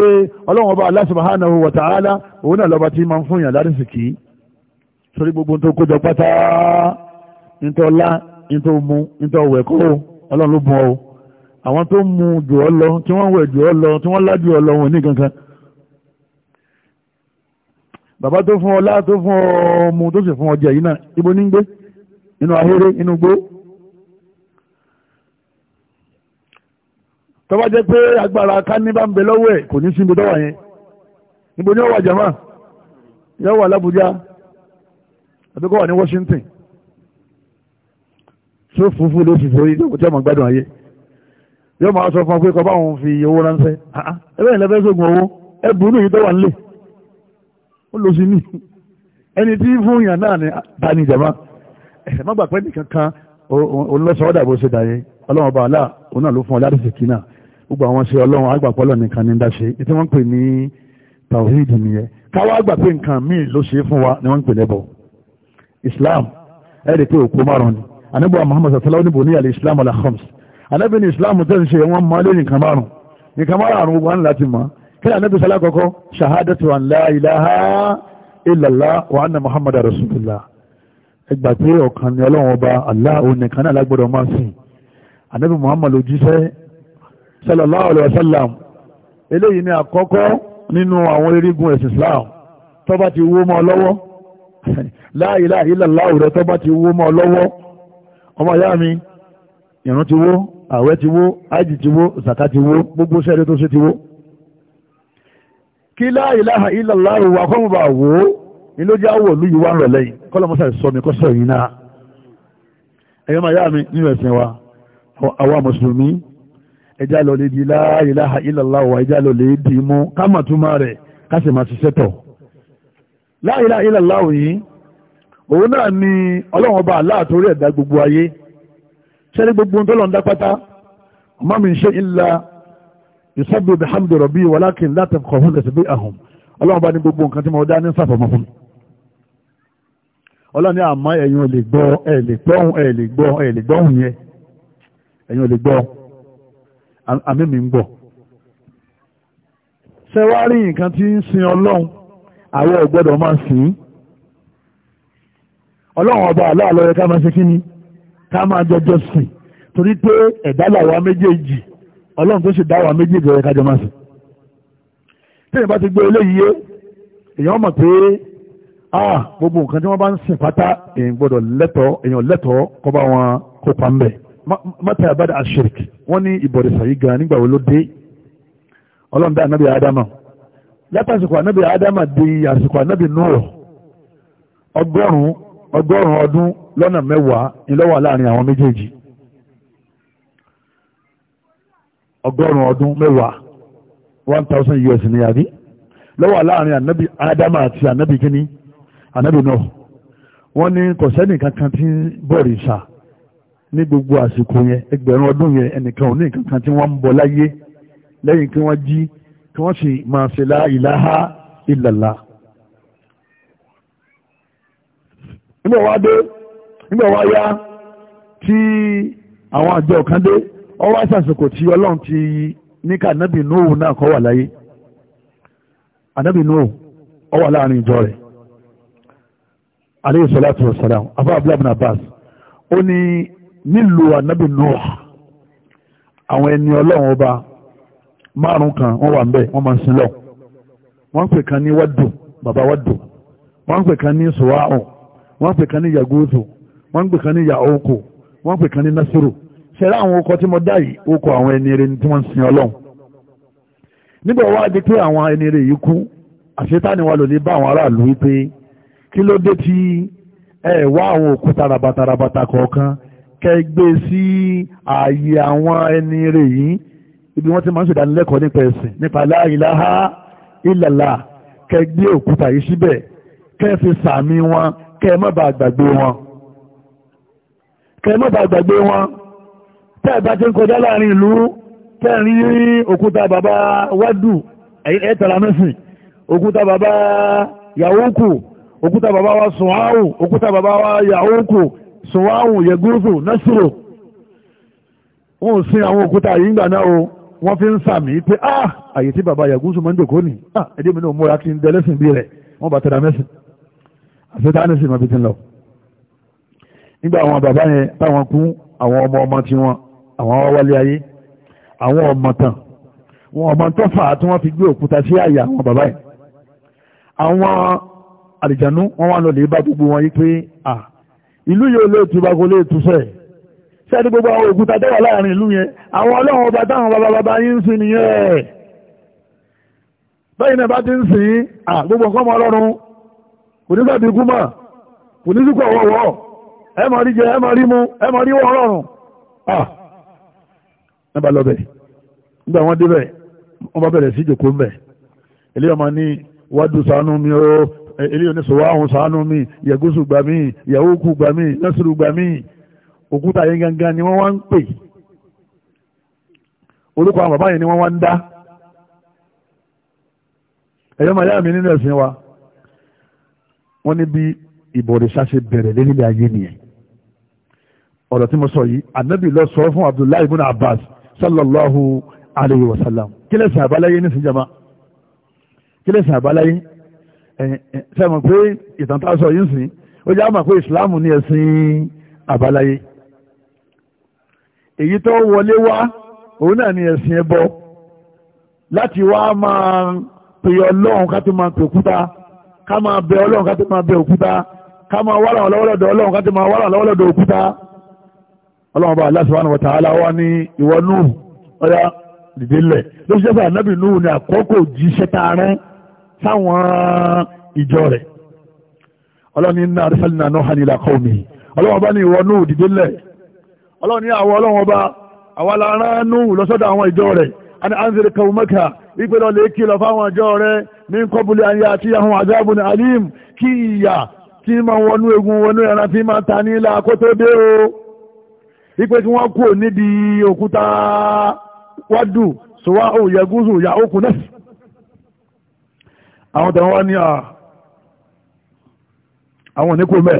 ọlọ́wọ́n bá Allah subhanahu nítorí mú nítorí ọ̀wẹ̀ kó ọlọ́run ló bùn ọ́ àwọn tó mú jù ọ lọ tí wọ́n wẹ̀ jù ọ lọ tí wọ́n lájú ọ lọ wọn ní kankan bàbá tó fún ọ lá tó fún ọ mu tó sì fún ọ jẹ yìí náà ibo ní ń gbé inú ahéré inú gbó tó jẹ́ pé agbára ká bá ń bẹ lọ́wọ́ ẹ̀ kò ní síbi dọ́wà yẹn níbo ni ó wà jama yóò wà lábújá àbíkọ́ ní Washington tó fúfú ló sì forí tó kò tí ọmọ gbádùn ayé yóò máa sọ fún ọ pé kọ bá òun fi owó ránṣẹ́ ẹbẹ́ ìlẹ́fẹ́ sógun owó ẹbùn inú yìí tó wà nílé ó lọ sí ní ẹni tí fún yàn náà ni ta ni ìjàmbá ẹ̀sẹ̀ má gbà pé nìkan kan olóṣọ́ọ́dà bó ṣe dàyé ọlọ́run bá aláà òun náà ló fún ọ láti ṣèkí náà gbogbo àwọn ṣe ọlọ́run agbàpọ̀lọ̀ nìkan ní dáṣe tí wọ́n ń pè ní tawhid nìyẹn káwá àgbà pé nǹkan míì ló ṣe fún wa ni wọ́n ń pè lẹ́bọ̀ Islam ẹ̀rì pé òpó márùn ni anabi wa muhammad sallallahu alaihi wa sallam ní al-islam ala khams anabi ní islam tẹ́ ń ṣe wọn mọ́ lé nìkan márùn nìkan márùn gbogbo àná láti mọ́ kí ni anabi sallá kọ́kọ́ shahadatu an la ilaha illallah wa anna muhammad rasulullah ẹgbà pé ọ̀kan ni ọlọ́run ọba allah òun nìkan náà lágbọ́dọ̀ máa sìn anabi muhammad ojíṣẹ́ sallallahu alaihi wa sallam eléyìí ni àkọ́kọ́ nínú àwọn erigun ẹ̀sìn islam tó bá ti wó mọ́ lọ́wọ́ <laughs> la ilaha illallah rẹ̀ ti wó mọ́ lọ́wọ́ ọmọ ìyá mi ìrún ti wó àwẹ̀ ti wó áìdì ti wó zàká ti wó gbogbo sẹ́ẹ̀rẹ́ tó ṣe ti wó kí la ilaha illallah wa kọ́mù bá wò ó ní ló jẹ́ àwọ̀ olú yìí wá ń rọ̀ lẹ́yìn kọ́lọ́mọ́sà sọ mi kọ́ sọ̀rọ̀ yìí náà ẹ̀yọ́ máa yá mi nínú ẹ̀sìn wa àwa mùsùlùmí ẹjá lọ lè di la ilaha illallah wa ẹjá lọ lè dì mú ká mà túmọ̀ rẹ̀ ká sì máa ṣiṣẹ́ tọ̀ la ilaha yìí òun náà ni ọlọ́run ọba aláàtórí ẹ̀dá gbogbo ayé ṣẹ́rí gbogbo ohun tọ́lọ́ ń dápátá ọmọ mi ń ṣe ìlà ìsọ́bù bihamdi rọ̀bì walakin láti kọ̀ fún ẹ̀sìn bí ahùn ọlọ́run ọba ní gbogbo nǹkan tí mo dá ní sàfọ̀mọ́ fún mi ọlọ́run ní àmọ́ ẹ̀yin ò lè gbọ́ ẹ̀ lè gbọ́hùn ẹ̀ lè gbọ́ ẹ̀ lè gbọ́hùn yẹn ẹ̀yin ò lè gbọ́ àmì mi ń gbọ́ ṣẹ́wárí nǹkan tí ń sin ọlọ́run àwọn ò máa sìn ín ọlọ́run ọba aláàlọ́ yẹ ká máa ṣe kí ni ká máa jọjọ sìn torí pé ẹ̀dá làwa méjèèjì ọlọ́run tó sì dá wa méjèèjì yẹ ká jọ máa sìn tẹ́yìn bá ti gbé eléyìí yé èèyàn mọ̀ pé ah gbogbo nǹkan tí wọ́n bá ń sìn pátá èèyàn gbọ́dọ̀ lẹ́tọ̀ọ́ èèyàn lẹ́tọ̀ọ́ kọ́ bá wọn kópa ń bẹ̀ mọ́tà àbádà àṣírík wọ́n ní ìbọ̀rìṣà yìí gan nígbà wo ló dé ọlọ́run dá ànábì ádámà látàsìkò ọgọ́rùn-ún ọdún lọ́nà mẹ́wàá ńlọ́wà láàrin àwọn méjèèjì ọgọ́rùn-ún ọdún mẹ́wàá one thousand years ni àbí lọ́wà láàrin ànábì ádámà àti ànábì kíní ànábì náà wọ́n ní kò sẹ́nì kankan tí ń bọ̀rìṣà ní gbogbo àsìkò yẹn ẹgbẹ̀rún ọdún yẹn ẹnìkan ò ní kankan tí wọ́n ń bọ̀ láyé lẹ́yìn kí wọ́n jí kí wọ́n sì máa ṣe la ilaha illallah nígbà wá dé nígbà wá yá tí àwọn àjọ kan dé ọwọ́ àṣàṣokò tí ọlọ́run ti ní ká ànábì nóòwò náà kọ́ wà láyé ànábì nóòwò ọ wà láàrin ìjọ rẹ̀ alayhi salatu wa salam afa abdullahi abbas ó ní nílùú ànábì nóòwò àwọn ẹni ọlọ́run ọba márùn kan wọ́n wà ń bẹ̀ wọ́n máa ń sin lọ wọ́n pè kan ní wádùn bàbá wádùn wọ́n pè kan ní sùwáhùn wọ́n pè kan ní yagoto wọ́n pè kan ní yaoko wọ́n pè kan ní nasiru ṣẹlẹ̀ àwọn okọ̀ tí mo dá yìí okọ̀ àwọn ẹni rẹ̀ tí wọ́n sin ọlọ́run nígbà wá di pé àwọn ẹni rẹ̀ yìí kú àṣetáni wa lò bá àwọn aráàlú wípé kí ló dé tí ẹ wá àwọn òkú tarabatarabata kọ̀ọ̀kan kẹ́ sí ààyè àwọn ẹni rẹ̀ yìí ibi wọ́n ti máa ń ṣèdánilẹ́kọ̀ọ́ nípa ẹ̀sìn nípa la ilaha illallah kẹ́ gbé òkúta yìí síbẹ̀ kẹ́ sàmì wọn kẹ́ ẹ má bàa gbàgbé wọn kẹ́ ẹ má bàa gbàgbé wọn tẹ́ ẹ bá ti ń kọjá láàrin ìlú tẹ́ ẹ rí òkúta bàbá wádùú ẹ tẹ̀lé amẹ́sìn òkúta bàbá yahoo òkúta bàbá wa sùnwáhùn òkúta bàbá wa yahoo sùnwáhùn yẹgúrúfù násìrò wọn ò àwọn òkúta yìí náà o wọ́n fi ń sàmì pé ah àyè tí bàbá yàgúsù máa ń ah ẹ̀dí mi náà múra kí n dẹlẹ́sìn bí rẹ̀ wọ́n bá tẹ̀lé amẹ́sìn àṣetáni sì mọ ibi tí ń lọ nígbà àwọn bàbá yẹn táwọn kú àwọn ọmọ ọmọ tí wọn àwọn wálé ayé àwọn ọmọ tán wọn ọmọ tó fà á tí wọn fi gbé òkúta sí àyà àwọn bàbá yẹn àwọn àlìjànú wọn wà lọ lè bá gbogbo wọn yí pé à ìlú yóò lè tu bá kó lè tu sẹ́ẹ̀ sẹ́ni gbogbo àwọn òkúta tó wà láàrin ìlú yẹn àwọn ọlọ́run ọba táwọn bàbá bàbá yín ń sin nìyẹn bẹ́ẹ̀ ni bá ti ń sìn kò ní sàbí gúnmà kò ní síkò ọ̀wọ̀wọ̀ ẹ máa rí jẹ ẹ máa rí mu ẹ máa rí wọ́n ah nígbà lọ́bẹ̀ nígbà wọ́n débẹ̀ wọ́n bá bẹ̀rẹ̀ sí jòkó ń bẹ̀ eléyà máa ní wájú sànú mi ó e, eléyà ní sọ̀wọ́ àwọn sànú mi yẹ̀gúsù gbà mí yẹ̀wókù gbà mí nẹ́sùrù gbà mí òkúta yẹn gangan ni wọ́n wá ń pè orúkọ àwọn bàbá yẹn ni wọ́n wá ń dá ẹ̀yọ́ màá yá nínú ẹ̀sìn wa wọ́n ní bí ìbọ̀rìṣà ṣe bẹ̀rẹ̀ lórílẹ̀ ayé nìyẹn ọ̀rọ̀ tí mo sọ yìí ànábì lọ sọ fún abdullahi ibn abbas sallallahu alayhi wa sallam kí lẹ́sìn àbáláyé ní sinjama kí lẹ́sìn àbáláyé sẹ́mi pé ìtàn tá a sọ yìí ń sìn ó jẹ́ àmà pé ìsìláàmù ní ẹ̀sìn àbáláyé èyí tó wọlé wá òun náà ní ẹ̀sìn ẹbọ láti wá máa pè ọlọ́run ká tó máa pè kúta ká máa bẹ ọlọ́run ká tó máa bẹ òkúta ká máa wá ràn lọ́wọ́ lọ́dọ̀ ọlọ́run ká tó máa wá ràn lọ́wọ́ lọ́dọ̀ òkúta ọlọ́run bá ni subhanahu wa ta'ala wá ní ìwọ núù ọ̀yá dìde lẹ̀ ló ṣe fún ànábì núù àkókò jíṣẹ́ sáwọn ìjọ rẹ̀ ọlọ́run ní ọlọ́run bá ní ìwọ dìde min kọ́bùlẹ̀ ayé àti àwọn àjábùn alim kí ìyà tí ma wọnú egun wọnú ẹran tí ma ta ní ilá kó tó dé o ipe tí wọ́n kú níbi òkúta wádù sọwá ò yẹgúsù ya ó kùnẹ́ àwọn tẹ̀wọ́n wá ní àwọn oníkó mẹ́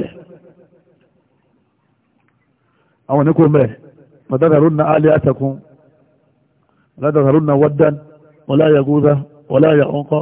àwọn oníkó mẹ́ mọ̀dádàrún na alẹ́ àtẹkùn mọ̀dádàrún na wádán wọlá yẹgúsà wọlá yẹgúnkọ́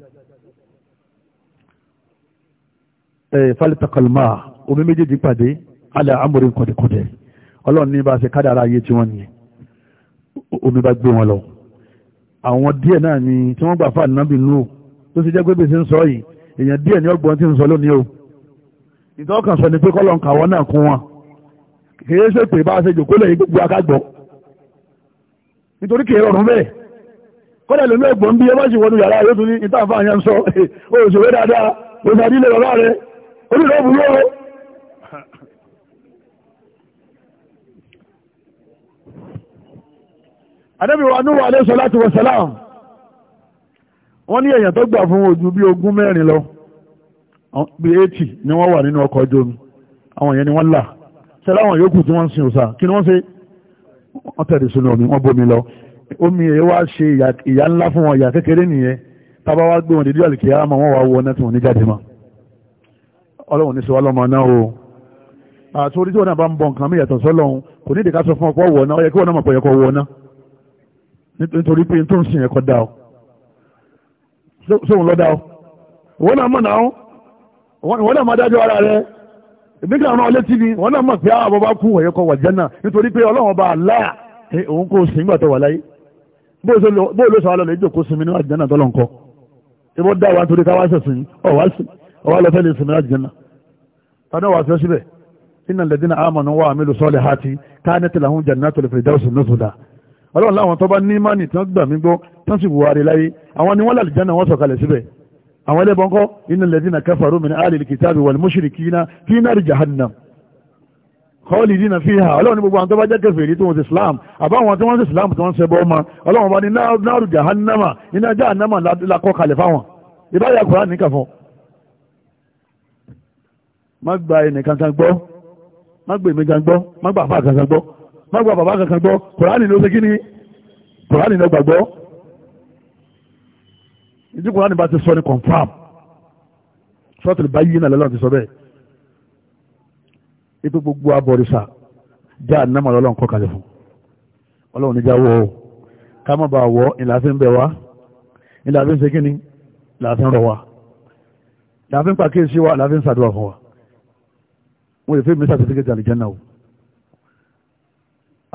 falitakalma omi méjèèjì pàdé alẹ́ amúrí kọ̀dẹ̀kọ̀dẹ̀ ọlọ́run ní bá ṣe kádàrá ayé tí wọ́n ní omi bá gbé wọn lọ àwọn díẹ̀ náà ni tí wọ́n gbà fà nábì nù tó ṣe jẹ́ pé bèsè ń sọ yìí èèyàn díẹ̀ ní ọgbọ́n tí ń sọ lónìí o ìtọ́kàn sọ ni pé kọ́lọ̀ ń kàwọ́ náà kún wọn kìí ṣe pé bá a ṣe jòkó lẹ́yìn gbogbo akágbọ́ nítorí kìí rọrùn bẹ́ẹ̀ kọ́lẹ̀ lómi ẹ̀gbọ́n bí ẹ má ṣe wọnú yàrá yóò tún ní ìtàǹfà yẹn ń sọ òṣèré dáadáa òṣèré orílẹ̀ òbí lóore Ànábì wa Nuhu alayhi salatu wa salam wọ́n ní èèyàn tó gbà fún ojú bí ogún mẹ́rin lọ bí 80 ni wọ́n wà nínú ọkọ̀ ojú omi àwọn èèyàn ni wọ́n là sẹ́láwọn yòókù tí wọ́n ń sin òsà kí ni wọ́n ṣe wọ́n tẹ̀lé sínú omi wọ́n bomi lọ omi èyí wá ṣe ìyà ńlá fún wọn ìyà kékeré nìyẹn tábà wá gbé wọn dédé àlìkè àmọ́ wọn wá wọ náà tí wọ́n ní jáde máa ọlọ́run ní sọ ọlọ́mọ náà o àtúndí tí wọn náà bá ń bọ nǹkan mi yàtọ̀ sọ́lọ́run kò ní ìdíkà sọ fún ọpọ wọ̀ náà ó yẹ kí wọn náà mọ̀ pé ẹ̀kọ́ wọ̀ náà nítorí pé tó ń sin ẹ̀kọ́ dá o sóhun lọ dá o wọn náà mọ̀ náà wọn náà má dájọ́ ara rẹ èmi kí àwọn ọlẹ́tì ni wọn náà mọ̀ pé àwọn ah, bàbá kú ẹ̀kọ́ wà jẹ́nà nítorí pé ọlọ́run bá eh, àlá tani wà fẹ́ síbẹ̀ iná lẹ́dínà àmọ̀nà wà mílò sọ́ọ̀lẹ̀ hati káàní tẹ̀lé àwọn jẹ̀nà tó lè fi dáwọ́sì nùsùlá ọlọ́run láwọn tó bá ní mánì tí wọ́n gbà mí gbọ́ tó ń sì wà rí láyé àwọn ni wọ́n lálẹ́ jẹ́nà wọ́n sọ̀kalẹ̀ síbẹ̀ àwọn ẹlẹ́bọn kọ́ iná lẹ́dínà kafaru min alil kitabi wal mushrikina fi nari jahannam khalidina fiha ọlọ́run ní gbogbo àwọn tó bá jẹ́ kèfèrí tó wọ́n ti islam àbáwọn tí wọ́n ti islam tó wọ́n ṣẹbọ ọmọ ọlọ́run bá ní náàrù jahannama iná jahannama lakọ́ kalẹ̀ fáwọn ìbáyà kùrán nìkan fún má gba ẹnìkan kan gbọ́ má gba èmi kan gbọ́ má gba àfáà kan kan gbọ́ má gba bàbá kan kan gbọ́ kòránì ló ṣe kí ni kòránì ló gbàgbọ́ ìdí kòránì bá ti sọ ni confam sọ́ọ̀tì bá yí náà lọ́lọ́run ti sọ bẹ́ẹ̀ ipe gbogbo abọ̀rìṣà já ànámà lọ́lọ́run kọ́ kalẹ̀ fún ọlọ́run níjà wọ́ ọ ká má bàa wọ́ ìlàfi ń bẹ wá ìlàfi ń ṣe kí ni ìlàfi ń rọ wa ìlàfi ń pàkíyèsí wa ìlàfi ń ṣàdúrà fún wa wọ́n lè fẹ́ mi sàtìfíkẹ́tì àlìjánà o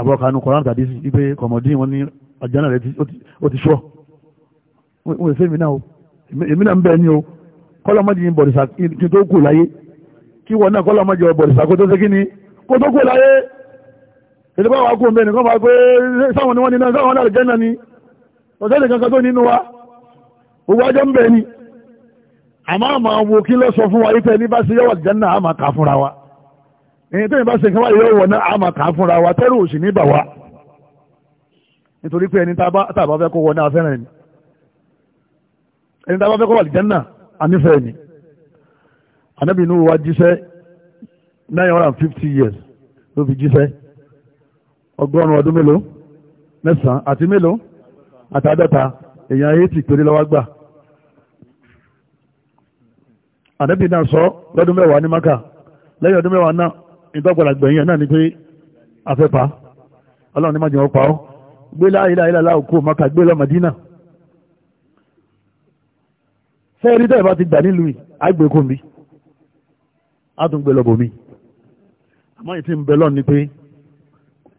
àbọ̀kanu kọ̀ọ̀rán tàbí ipe kọ̀mọ̀dín wọn ní àjánà rẹ ó ti sọ wọ́n lè fẹ́ mi o èmi náà ń bẹ́ẹ̀ ni o kọ́lọ́mọ́dé yìí bọ̀dìsà kí tó kù láyé kí wọn náà kọ́lọ́mọ́dé yìí bọ̀dìsà kó tó ṣe kí ni kó tó kù láyé èdè bá wà kú ọmọ ẹnìkan bá pé sáwọn ni wọ́n ní náà sáwọn náà àlìjánà ni ọ̀sẹ̀ nìkan kan tó nínú wa gbogbo ajọ́ ń àmọ́ àmọ́ wo kí ló sọ fún wa yìí ní bá ṣe yọ̀wọ̀ àlìjánà àmọ́ kà fúnra wa èyí tó yìnbá ṣe nǹkan báyìí yóò wọ̀ náà àmà kà á fúnra wa tẹ́rù òsì ní bàwá nítorí pé ẹni tá a bá fẹ́ kó wọ náà fẹ́ràn ẹni ẹni tá a bá fẹ́ kó wà lìjánà ànífẹ́ ẹni ànábì inú wa jíṣẹ́ nine hundred and fifty years ló fi jíṣẹ́ ọgọ́rùn-ún ọdún mélòó mẹ́sàn-án àti mélòó àtàdọ́ta èèyàn eighty péré lọ́wọ́ gbà ànábì náà sọ lọ́dún mẹ́wàá ní maka lẹ́yìn ọdún mẹ́wàá náà ìtọ́gbọ̀lá gbẹ̀yìn náà ni pé afẹ́pa ọlọ́run ní májèmọ́ pa ọ́ gbé la ilaha illallah òkú maka gbé lọ Madina fẹ́ẹ̀rí tẹ́ẹ̀ bá ti gbà nílùú yìí àgbẹ̀kọ́ mi á tún gbé lọ́bọ̀ mi àmọ́ ìtì ń bẹ lọ́ọ̀ ni pé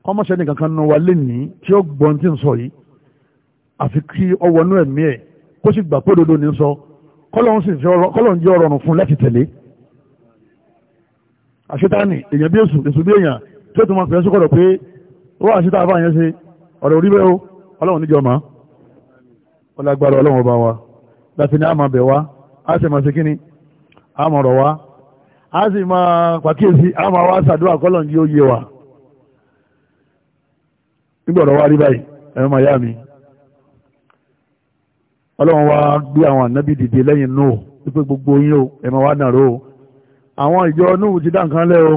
kọ́mọ́ṣẹ́ nìkan kan nu wa lénìí tí ó gbọ́n tí ń sọ yìí àfi kí ọwọ́ inú ẹ̀mí ẹ̀ kó sì gbà pé òdodo ní sọ kọ́lọ́hún sì fi ọ̀rọ̀ kọ́lọ́hún jẹ́ ọ̀rọ̀ fún láti tẹ̀lé àṣetáni èyàn bí èṣù èsù bí èyàn tí ó tún máa fẹ́ pé ó àṣetá àbá yẹn ṣe ọ̀rọ̀ orí bẹ́ẹ̀ o ọlọ́run níjọ ọlágbára ọlọ́run ọba wa láti ní àmà bẹ̀ wá a sì máa ṣe kíni àmà ọ̀rọ̀ wá á sì máa pàkíyèsí àmà kọ́lọ̀ ní oyè wa nígbà ọ̀rọ̀ rí báyìí ẹ̀rọ màá yá mi ọlọ́run gbé àwọn ànábì gbogbo yín o ẹ̀ máa o àwọn ìjọ onúwù ti dá nǹkan lẹ́ o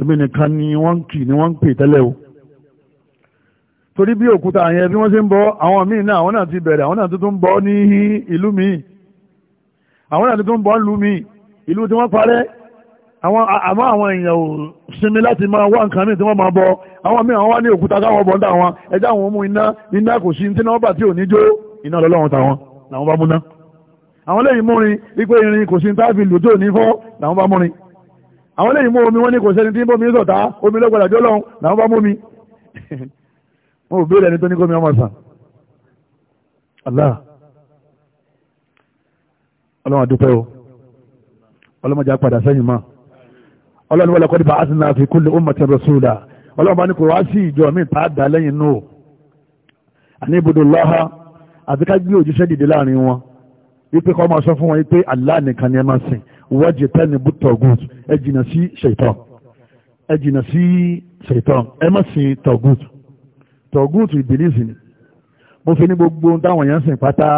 èmi nìkan ni wọ́n ń kì ní wọ́n ń pè tẹ́lẹ̀ o torí bí òkúta yẹn bí wọ́n ṣe ń bọ́ àwọn míì náà àwọn náà ti bẹ̀rẹ̀ àwọn náà tuntun ń bọ́ ní ìlú míì àwọn náà tuntun ń bọ́ ìlú míì ìlú tí wọ́n parẹ́ àwọn àmọ́ àwọn èèyàn ò sinmi láti máa wá nǹkan míì tí wọ́n máa bọ àwọn míì àwọn wá ní òkúta káwọn bọ̀ ń dà wọn ẹjẹ́ àwọn mú iná iná kò sí ní tí wọ́n bà tí ò ní jó iná lọ́lọ́run tàwọn làwọn bá múná. àwọn lẹ́yìn múrin wípé irin kò sí ní táàbì lòdì òní fọ́ làwọn bá múrin àwọn lẹ́yìn mú omi wọ́n ní kò sẹ́ni tí ń bómi sọ̀tá omi lọ́gbàdà jọ lọ́hùn làwọn bá mómi <laughs> wọn ò béèrè ẹni tó ní gómìnà ọmọ ọlọ́run àdúpẹ́ o ọlọ́mọdé apàdà sẹ́yìn mọ́ ọlọ́run wọlé kọ́dí bá a ti náà fi ọlọ́run bá ní kò wá sí ìjọ mi tá a dà lẹ́yìn nù àní ibùdó lọ́ha àti ká gbé wípé kọ́ máa sọ fún wọn wípé Allah nìkan ni ẹ máa sìn wájú tẹ́ni bútọ̀gùt ẹ jìnà sí ṣètọ́n ẹ jìnà sí ṣètọ́n ẹ má sìn tọ̀gùt tọ̀gùt ìbílísì ni mo fi ní gbogbo táwọn èèyàn sìn pátá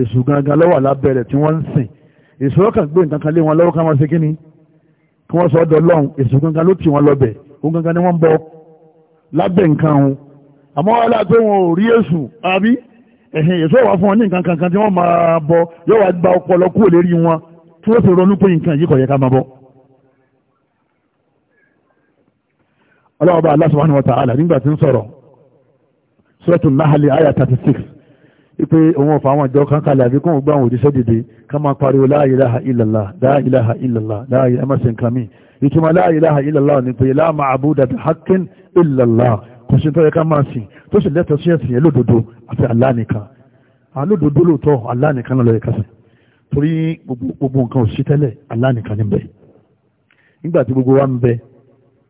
èṣù gangan lọ́wọ́ lábẹ́rẹ̀ tí wọ́n ń sìn èṣù ọkàn gbé nǹkan kan lé wọn lọ́wọ́ ká máa ṣe kí ni kí wọ́n sọ ọ́dọ̀ lọ́hùn èṣù gangan ló tì wọ́n lọ́bẹ̀ òun gangan ni wọ́n ń bọ lábẹ́ nǹkan òun àmọ́ wọn ò ẹ̀hìn èso wà fún ọ ní nǹkan kankan tí wọ́n máa bọ yóò wá gba ọpọlọ kúrò lérí wọn tí wọ́n fi ronú pé nǹkan yìí kò yẹ ká máa bọ. ọlọ́wọ́ba Allah subhanahu wa ta'ala nígbà tí ń sọ̀rọ̀ suratul Nahl àyà thirty six ipe òun ọ̀fà àwọn ìjọ kan kalẹ̀ àbí kóun gbá àwọn òjíṣẹ́ dìde ká máa pariwo la ilaha illallah la ilaha kò sí tọ́yẹ ká máa sìn tó sì lẹ́tọ̀ọ́ sí ẹ̀sìn yẹn lódodo àti Allah nìkan alódodo lóòótọ́ Allah nìkan náà lọ́yẹ kásẹ̀ torí gbogbo nǹkan ò sí tẹ́lẹ̀ Allah nìkan ní bẹ̀ nígbà tí gbogbo wa ń bẹ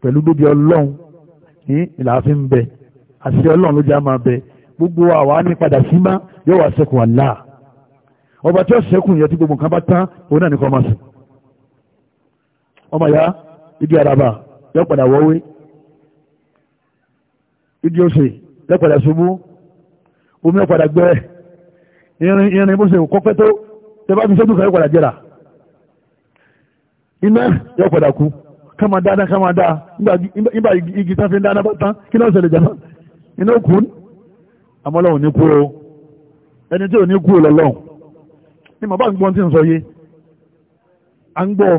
pẹ̀lú gbogbo ọlọ́run ní ìlàáfí ń bẹ àti ọlọ́run ló já máa bẹ gbogbo àwa ní padà sí má yóò wá sẹ́kùn Allah ọba tí ó sẹ́kùn yẹn tí gbogbo nǹkan bá tán òun náà nìkan máa sùn ọmọ ya ibi àràbà yóò padà wọ́wé igi ose lẹ́pẹ̀lẹ̀ ṣubú omi ọ̀padà gbẹ irin irin bó ṣe kọ́pẹ́ tó tẹ́bá fi ka kan ọ̀padà jẹ́ra iná yọ padà kú ká máa dáadáa ká dáa nígbà igi tán fi ń dáadáa bá tán kí náà ṣẹlẹ̀ jẹ́nà iná kú àmọ́ ní kú o ẹni tí ò ní kú o lọ́lọ́run ni màbá ń gbọ́n tí ń sọ yé à ń gbọ́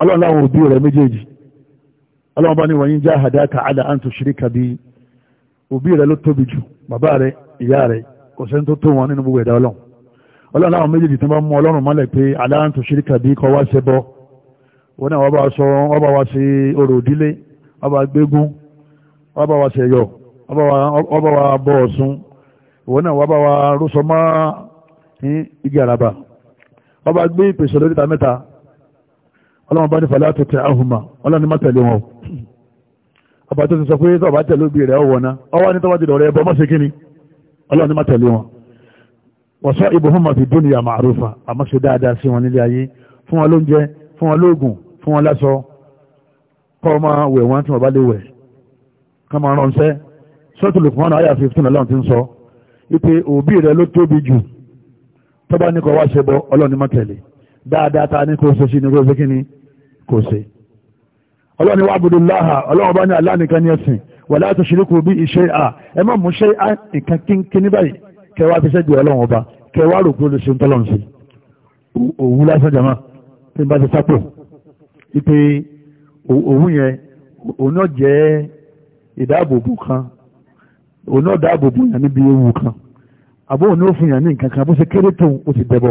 ọlọ́run láwọn òbí rẹ̀ méjèèjì ọlọ́run bá ní wọ̀nyí já àdáka àdá àǹtò ṣìríkà bí òbí rẹ̀ ló tóbi jù bàbá rẹ̀ ìyá rẹ̀ kò sẹ́ni tó tó wọn nínú gbogbo ẹ̀dá ọlọ́run ọlọ́run láwọn méjèèjì tó bá mú ọlọ́run mọ́lẹ̀ pé àdá àǹtò ṣìríkà bí kọ́ wá ṣe bọ́ wọn náà wọ́n bá sọ wọ́n bá wá ṣe orò òdílé wọ́n bá gbégún wọ́n bá wá ṣẹ̀yọ wọ́n bá wá bọ́ ọ̀ṣun ìwọ náà wọ́n bá wá rúṣọ mọ́ igi àràbà wọ́n bá gbé ìpèsè lóríta mẹ́ta ọlọ́wọ́n bá ní fàlẹ́ àtẹ̀tẹ̀ ahùnmá ọlọ́wọ́n ní mọ́tẹ̀lé wọn ọba tó ti sọ pé tọ́ba tẹ̀lé òbí rẹ̀ ọwọ́ ná ọwọ́ ní tọ́ba ti dọ̀rẹ́ ẹbọ mọ́sẹ̀ kínní ọlọ́wọ́n ní mọ́tẹ̀lé wọn wọ́n sọ ibuhuma fi dunya ma'rufa àmọ́ ṣe dáadáa sí wọn nílé ayé fún wọn lóúnjẹ fún wọn lóògùn fún wọn láṣọ kọ́ ọ máa wẹ̀ wọ́n tí wọ́n bá lè wẹ̀ ká máa ránṣẹ́ sọ́ọ̀tù fifteen ọlọ́run ti ń sọ wípé òbí rẹ̀ ló tóbi jù tọ́ba ní kọ́ dáadáa ta ní kò ṣe sí ní kò ṣe kí ni kò ṣe ọlọ́ni wa abudu láha ọlọ́run bá ní aláàníkan ní ẹ̀sìn wà láti ṣíríkù bí iṣẹ́ à ẹ má mú ṣe à nǹkan kínkín báyìí kẹwàá fi ṣẹ́jú ọlọ́run ọba kẹwàá rò pé ó lè ṣe ń tọ́lọ́run sí òwú lásán jama tí n bá ti sápò ipe òwú yẹn òun náà jẹ́ ìdáàbòbò kan òun náà dáàbòbò yẹn níbi ewu kan àbóhùn ní ó fún yẹn ní nǹkan kan bó ṣe kéré tóun ó ti dẹbọ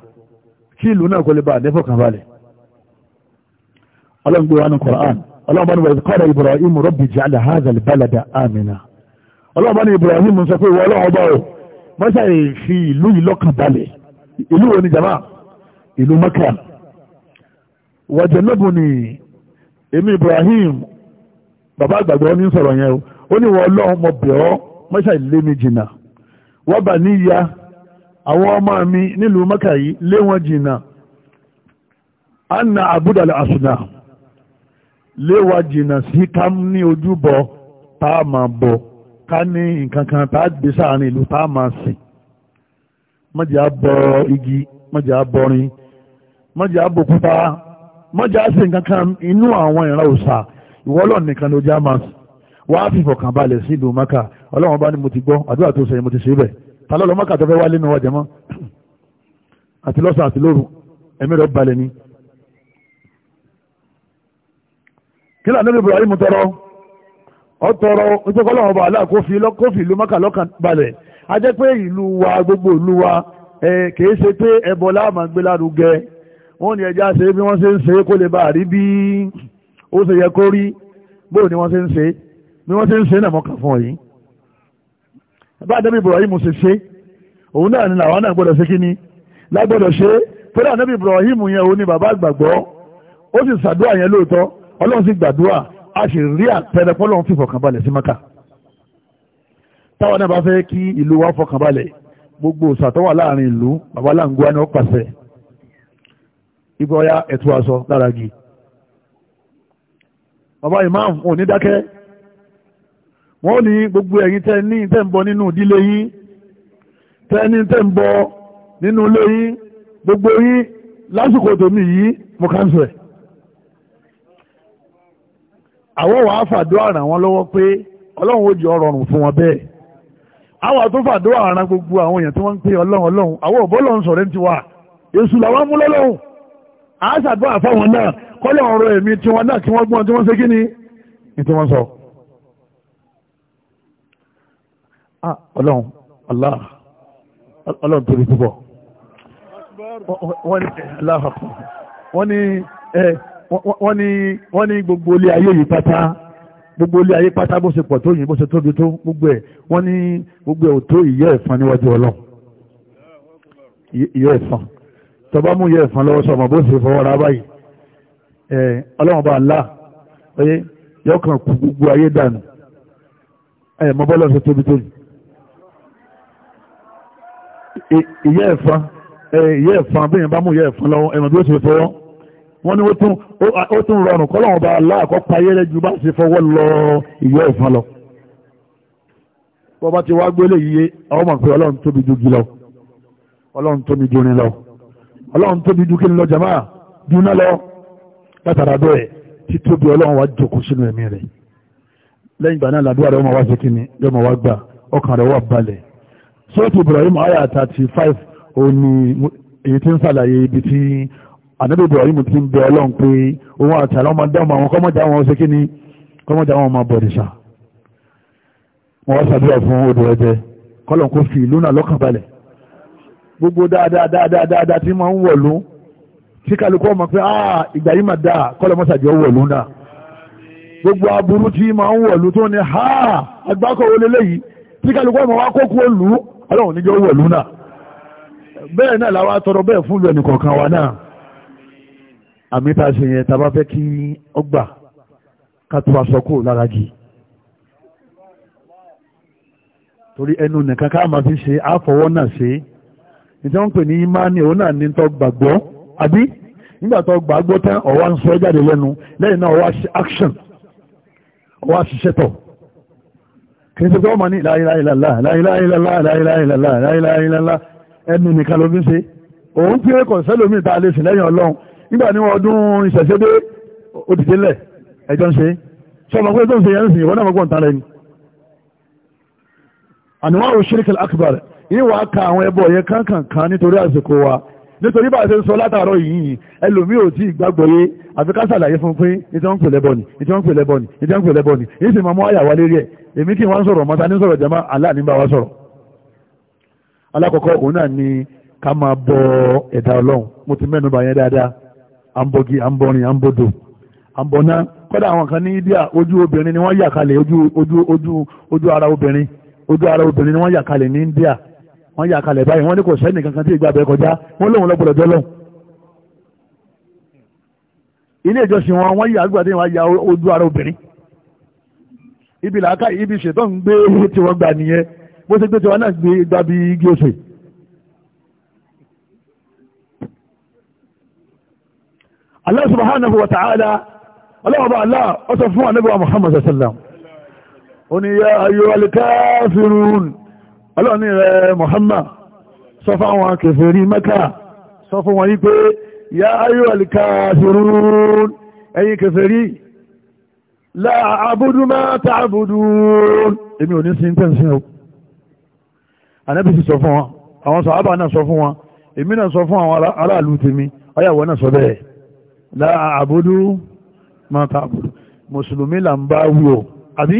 kí ìlú náà kò lè bá àdẹ́fọ̀kàn balẹ̀ ọlọ́run gbé wa ní Qur'an ọlọ́run bá ní wàlẹ̀ qala Ibrahim rabbi ja'al hadha al-balada amina ọlọ́run bá ní Ibrahim sọ pé ìwọ ọlọ́run ọba o mọ́ṣá yìí fi ìlú yìí lọ́kàn balẹ̀ ìlú wo ni jama ìlú Mẹ́kà wàjẹ̀lẹ́bù ni èmi Ibrahim bàbá àgbàgbọ́ ní sọ̀rọ̀ yẹn o ó ní wọ́n ọlọ́run mọ̀ bẹ̀ ọ́ yìí lé mi jìnnà wọ́n bà níyà àwọn ọmọ mi nílùú Maka yìí lé wọn anna abudul asuna lé wa sí ká ní ojúbọ bọ ká ní nǹkan kan tá gbé sáàrin ìlú tá a sìn mọ̀jà bọ igi mọ̀jà bọrin mọ̀jà bòkúta mọ̀jà sí nǹkan kan inú àwọn ìran òòṣà ìwọ́lọ̀ nìkan ló já máa sìn wá fìfọ̀kànbalẹ̀ sí ìlú mẹ́kà ọlọ́run bá ní mo ti gbọ́ àdúrà tó mo ti ṣe bẹ́ẹ̀. tàlọ́ lọ mọ́kà tó fẹ́ wálé nu ọjà mọ́ àti lọ́sàn àti lóru ẹ̀mí rẹ̀ balẹ̀ ni. kí lóò níbi Ibrahim tọrọ ọ tọrọ ìtọ́kọ́lọ́ ọba aláà kófì kófì ìlú mọ́kà lọ́kàn balẹ̀ a jẹ́ pé ìlú wa gbogbo ìlú wa kìí ṣe pé ẹbọ láàmà gbé lárugẹ wọ́n ní ẹja ṣe bí wọ́n ṣe ń ṣe kó lè bá rí bí ó ṣe yẹ kó rí bóò ni wọ́n ṣe ń ṣe bí wọ́n ṣe ń ṣe náà mọ́kà fún ọ yìí bá ànábì Ibrahim ṣe ṣe òun náà ni làwọn náà gbọ́dọ̀ ṣe kíní lágbọ́dọ̀ ṣe pẹ̀lú ànábì Ibrahim yẹn òun ni bàbá àgbàgbọ́ ó sì ṣàdúrà yẹn lóòótọ́ ọlọ́run sì gbàdúrà a sì rí àpẹẹrẹ pọ́lọ́run fìfọ̀ kan balẹ̀ sí maka táwọn náà bá fẹ́ kí ìlú wa fọkàn balẹ̀ gbogbo òṣàtọ́wà láàrin ìlú bàbá láǹgbá ni ó pàṣẹ ibọ̀ ya ẹ̀tú aṣọ lára gi bàbá imam òní dákẹ́ wọ́n ní gbogbo ẹ̀yin tẹ́ ní tẹ́ ń bọ nínú ìdílé yín tẹ́ ní tẹ́ ń bọ nínú ilé yín gbogbo yín lásìkò tòmí yìí mo kàn sọ ẹ̀. àwọn wàá fàdúrà ràn wọ́n lọ́wọ́ pé ọlọ́run ó jẹ́ ọ̀rọ̀ ọ̀rùn fún wọn bẹ́ẹ̀ àwọn tó fàdúrà ràn gbogbo àwọn èèyàn tí wọ́n ń pè ọlọ́run ọlọ́run àwọn òbó lọ́run sọ̀rọ̀ ti wà èṣù làwọn mú lọ́lọ́run àá Ah, ọlọ́run allah ọlọ́run tóbi púpọ̀ wọ́n ní wọ́n ní wọ́n ní gbogbo ilé ayé yìí pátá gbogbo ilé ayé pátá bó ṣe pọ̀ tó yìí bó ṣe tóbi tó gbogbo ẹ̀ wọ́n ní gbogbo ẹ̀ ò tó ìyẹ́ ẹ̀fọn níwájú ọlọ́run ìyẹ́ ẹ̀fọn tọba mú ìyẹ́ ẹ̀fọn lọ́wọ́ sọmọ bó ṣe fọwọ́ ra báyìí ọlọ́run bá ńlá ọyẹ yọkàn kú gbogbo ayé dànù ẹ̀ mọ́ bọ́lọ́ ṣe tóbi tó yìí ìyá ẹ̀fọn ìyá ẹ̀fọn bí yẹn bá mú ìyá ẹ̀fọn lọ́wọ́ ẹ̀mọ̀ bí ó ṣe fọwọ́ wọ́n ní ó tún rọrùn kọ́ lọ́wọ́ bá aláàkọ́ payẹ́rẹ́ ju bá ṣe fọwọ́ lọ ìyá ẹ̀fọn lọ. bọ́ba ti wá gbélé yíyé àwọn ọmọ pé ọlọ́run tóbi ju gílọ ọlọ́run tóbi ju rin lọ ọlọ́run tóbi ju kíni lọ jàmáà dúná lọ látara bẹ́ẹ̀ títóbi ọlọ́run wá jókòó sínú ẹ̀mí rẹ̀ lẹ́yìn ìgbà náà làdúrà rẹ̀ ọmọ wá ṣe kíni yọmọ wá gbà ọkàn rẹ̀ wà balẹ̀ sóòtù Ibrahim aya thirty five òní èyí tí ń ṣàlàyé ibi tí ànábì Ibrahim ti ń bẹ ọlọ́run pé òun àti àwọn ọmọdé ọmọ àwọn kọ́mọ́dé àwọn ṣe kíni kọ́mọ́dé àwọn ọmọ bọ̀dìṣà wọ́n wá ṣàdúrà fún odò ẹ̀jẹ̀ kọ́lọ̀ kó fi ìlú náà lọ́kàn balẹ̀ gbogbo dáadáa dáadáa dáadáa tí máa ń wọ̀lú tí kálukú ọmọ pé ah ìgbà yìí máa dáa kọ́lọ̀ mọ́sàdìọ́ wọ̀lú náà gbogbo aburú tí máa ń wọ̀lú tó ní ha àgbákò wọlé léyìí tí kálukú ọmọ wa kókó lù ọlọ́run níjọ́ wọ̀ lúnà bẹ́ẹ̀ náà làwọn tọrọ bẹ́ẹ̀ fún ìlú ẹnìkọ̀ọ̀kan wa náà àmì ta ṣe yẹn tàbá fẹ́ kí ọgbà ká tó aṣọ lára jì torí ẹnu nìkan ká máa fi ṣe àfọwọ́ náà ṣe níta wọn pè ní imáni òun náà ní tó gbàgbọ́ àbí nígbà tó gbàgbọ́ tán ọ̀wá ń sọ jáde lẹ́nu lẹ́yìn náà ọ̀wá ṣiṣẹ́ tọ̀. kìí ṣe pé ọmọ ní la ilaha illallah la ilaha illallah la ilaha illallah la ilaha illallah ẹnu nìkan ló fi ṣe òun pé kò sẹ́lómi ta lè sìn lẹ́yìn ọlọ́run nígbà ní ọdún ìṣẹ̀ṣẹ́dé ó ti délẹ̀ ẹjọ́ ń ṣe sọmọ pé tó ń ṣe yẹn ń sìn ìwọ náà mọ́gbọ́n tán lẹ́ni àníwá ò ṣíríkì akbar ìwà ka àwọn ẹbọ yẹn kankan kan nítorí àsìkò wa nítorí bá ṣe ń sọ látàárọ̀ yìí ẹlòmí ò tí ìgbàgbọ́ yé àfi ká ṣàlàyé fún pé ìtí wọ́n ń pèlẹ́ bọ̀ ni ìtí wọ́n ń pèlẹ́ bọ̀ ni ìtí ń pèlẹ́ bọ̀ ni èyí sì máa mú àyàwá lérí ẹ̀ èmi kí wọ́n sọ̀rọ̀ mọ́ta ní sọ̀rọ̀ jẹ́mọ́ aláàní bá wa sọ̀rọ̀ alákọ̀ọ́kọ́ òun náà ni ká máa bọ ẹ̀dá ọlọ́run mo ti mẹ́nu bà yẹn dáadáa ni wọ́n ni wọ́n wọ́n yà kalẹ̀ báyìí wọ́n ní kò sẹ́ni kankan tí ìgbà bẹ́ẹ̀ kọjá wọ́n lóun lọ́gbọ̀dọ̀ jọ́ lọ́hùn. ilé ìjọsìn wọn wọ́n yà àgbàdé wọn ya ojú ara obìnrin ibi làákà ibi ṣètò ń gbé tí gbà nìyẹn bó ṣe gbé tí náà gbé gbà bí igi oṣù. Allah subhanahu wa ta'ala ọlọ́wọ́ bá Allah ọ fún wa Muhammad sallallahu alaihi wasallam ó ní yá ọlọ́ni rẹ̀ Muhammad sọ fáwọn kèfèrí Mẹ́kà sọ fún wọn wípé ya ayú alkafirun ẹ̀yin kèfèrí láàbùdú máa tààbùdú èmi ò ní sí tẹ́sí o anábì sì sọ fún wọn àwọn sàábà náà sọ fún wọn èmi náà sọ fún àwọn aráàlú tèmi ọyàwó náà sọ bẹ́ẹ̀ láàbùdú máa tààbùdú mùsùlùmí là ń bá wù ọ àbí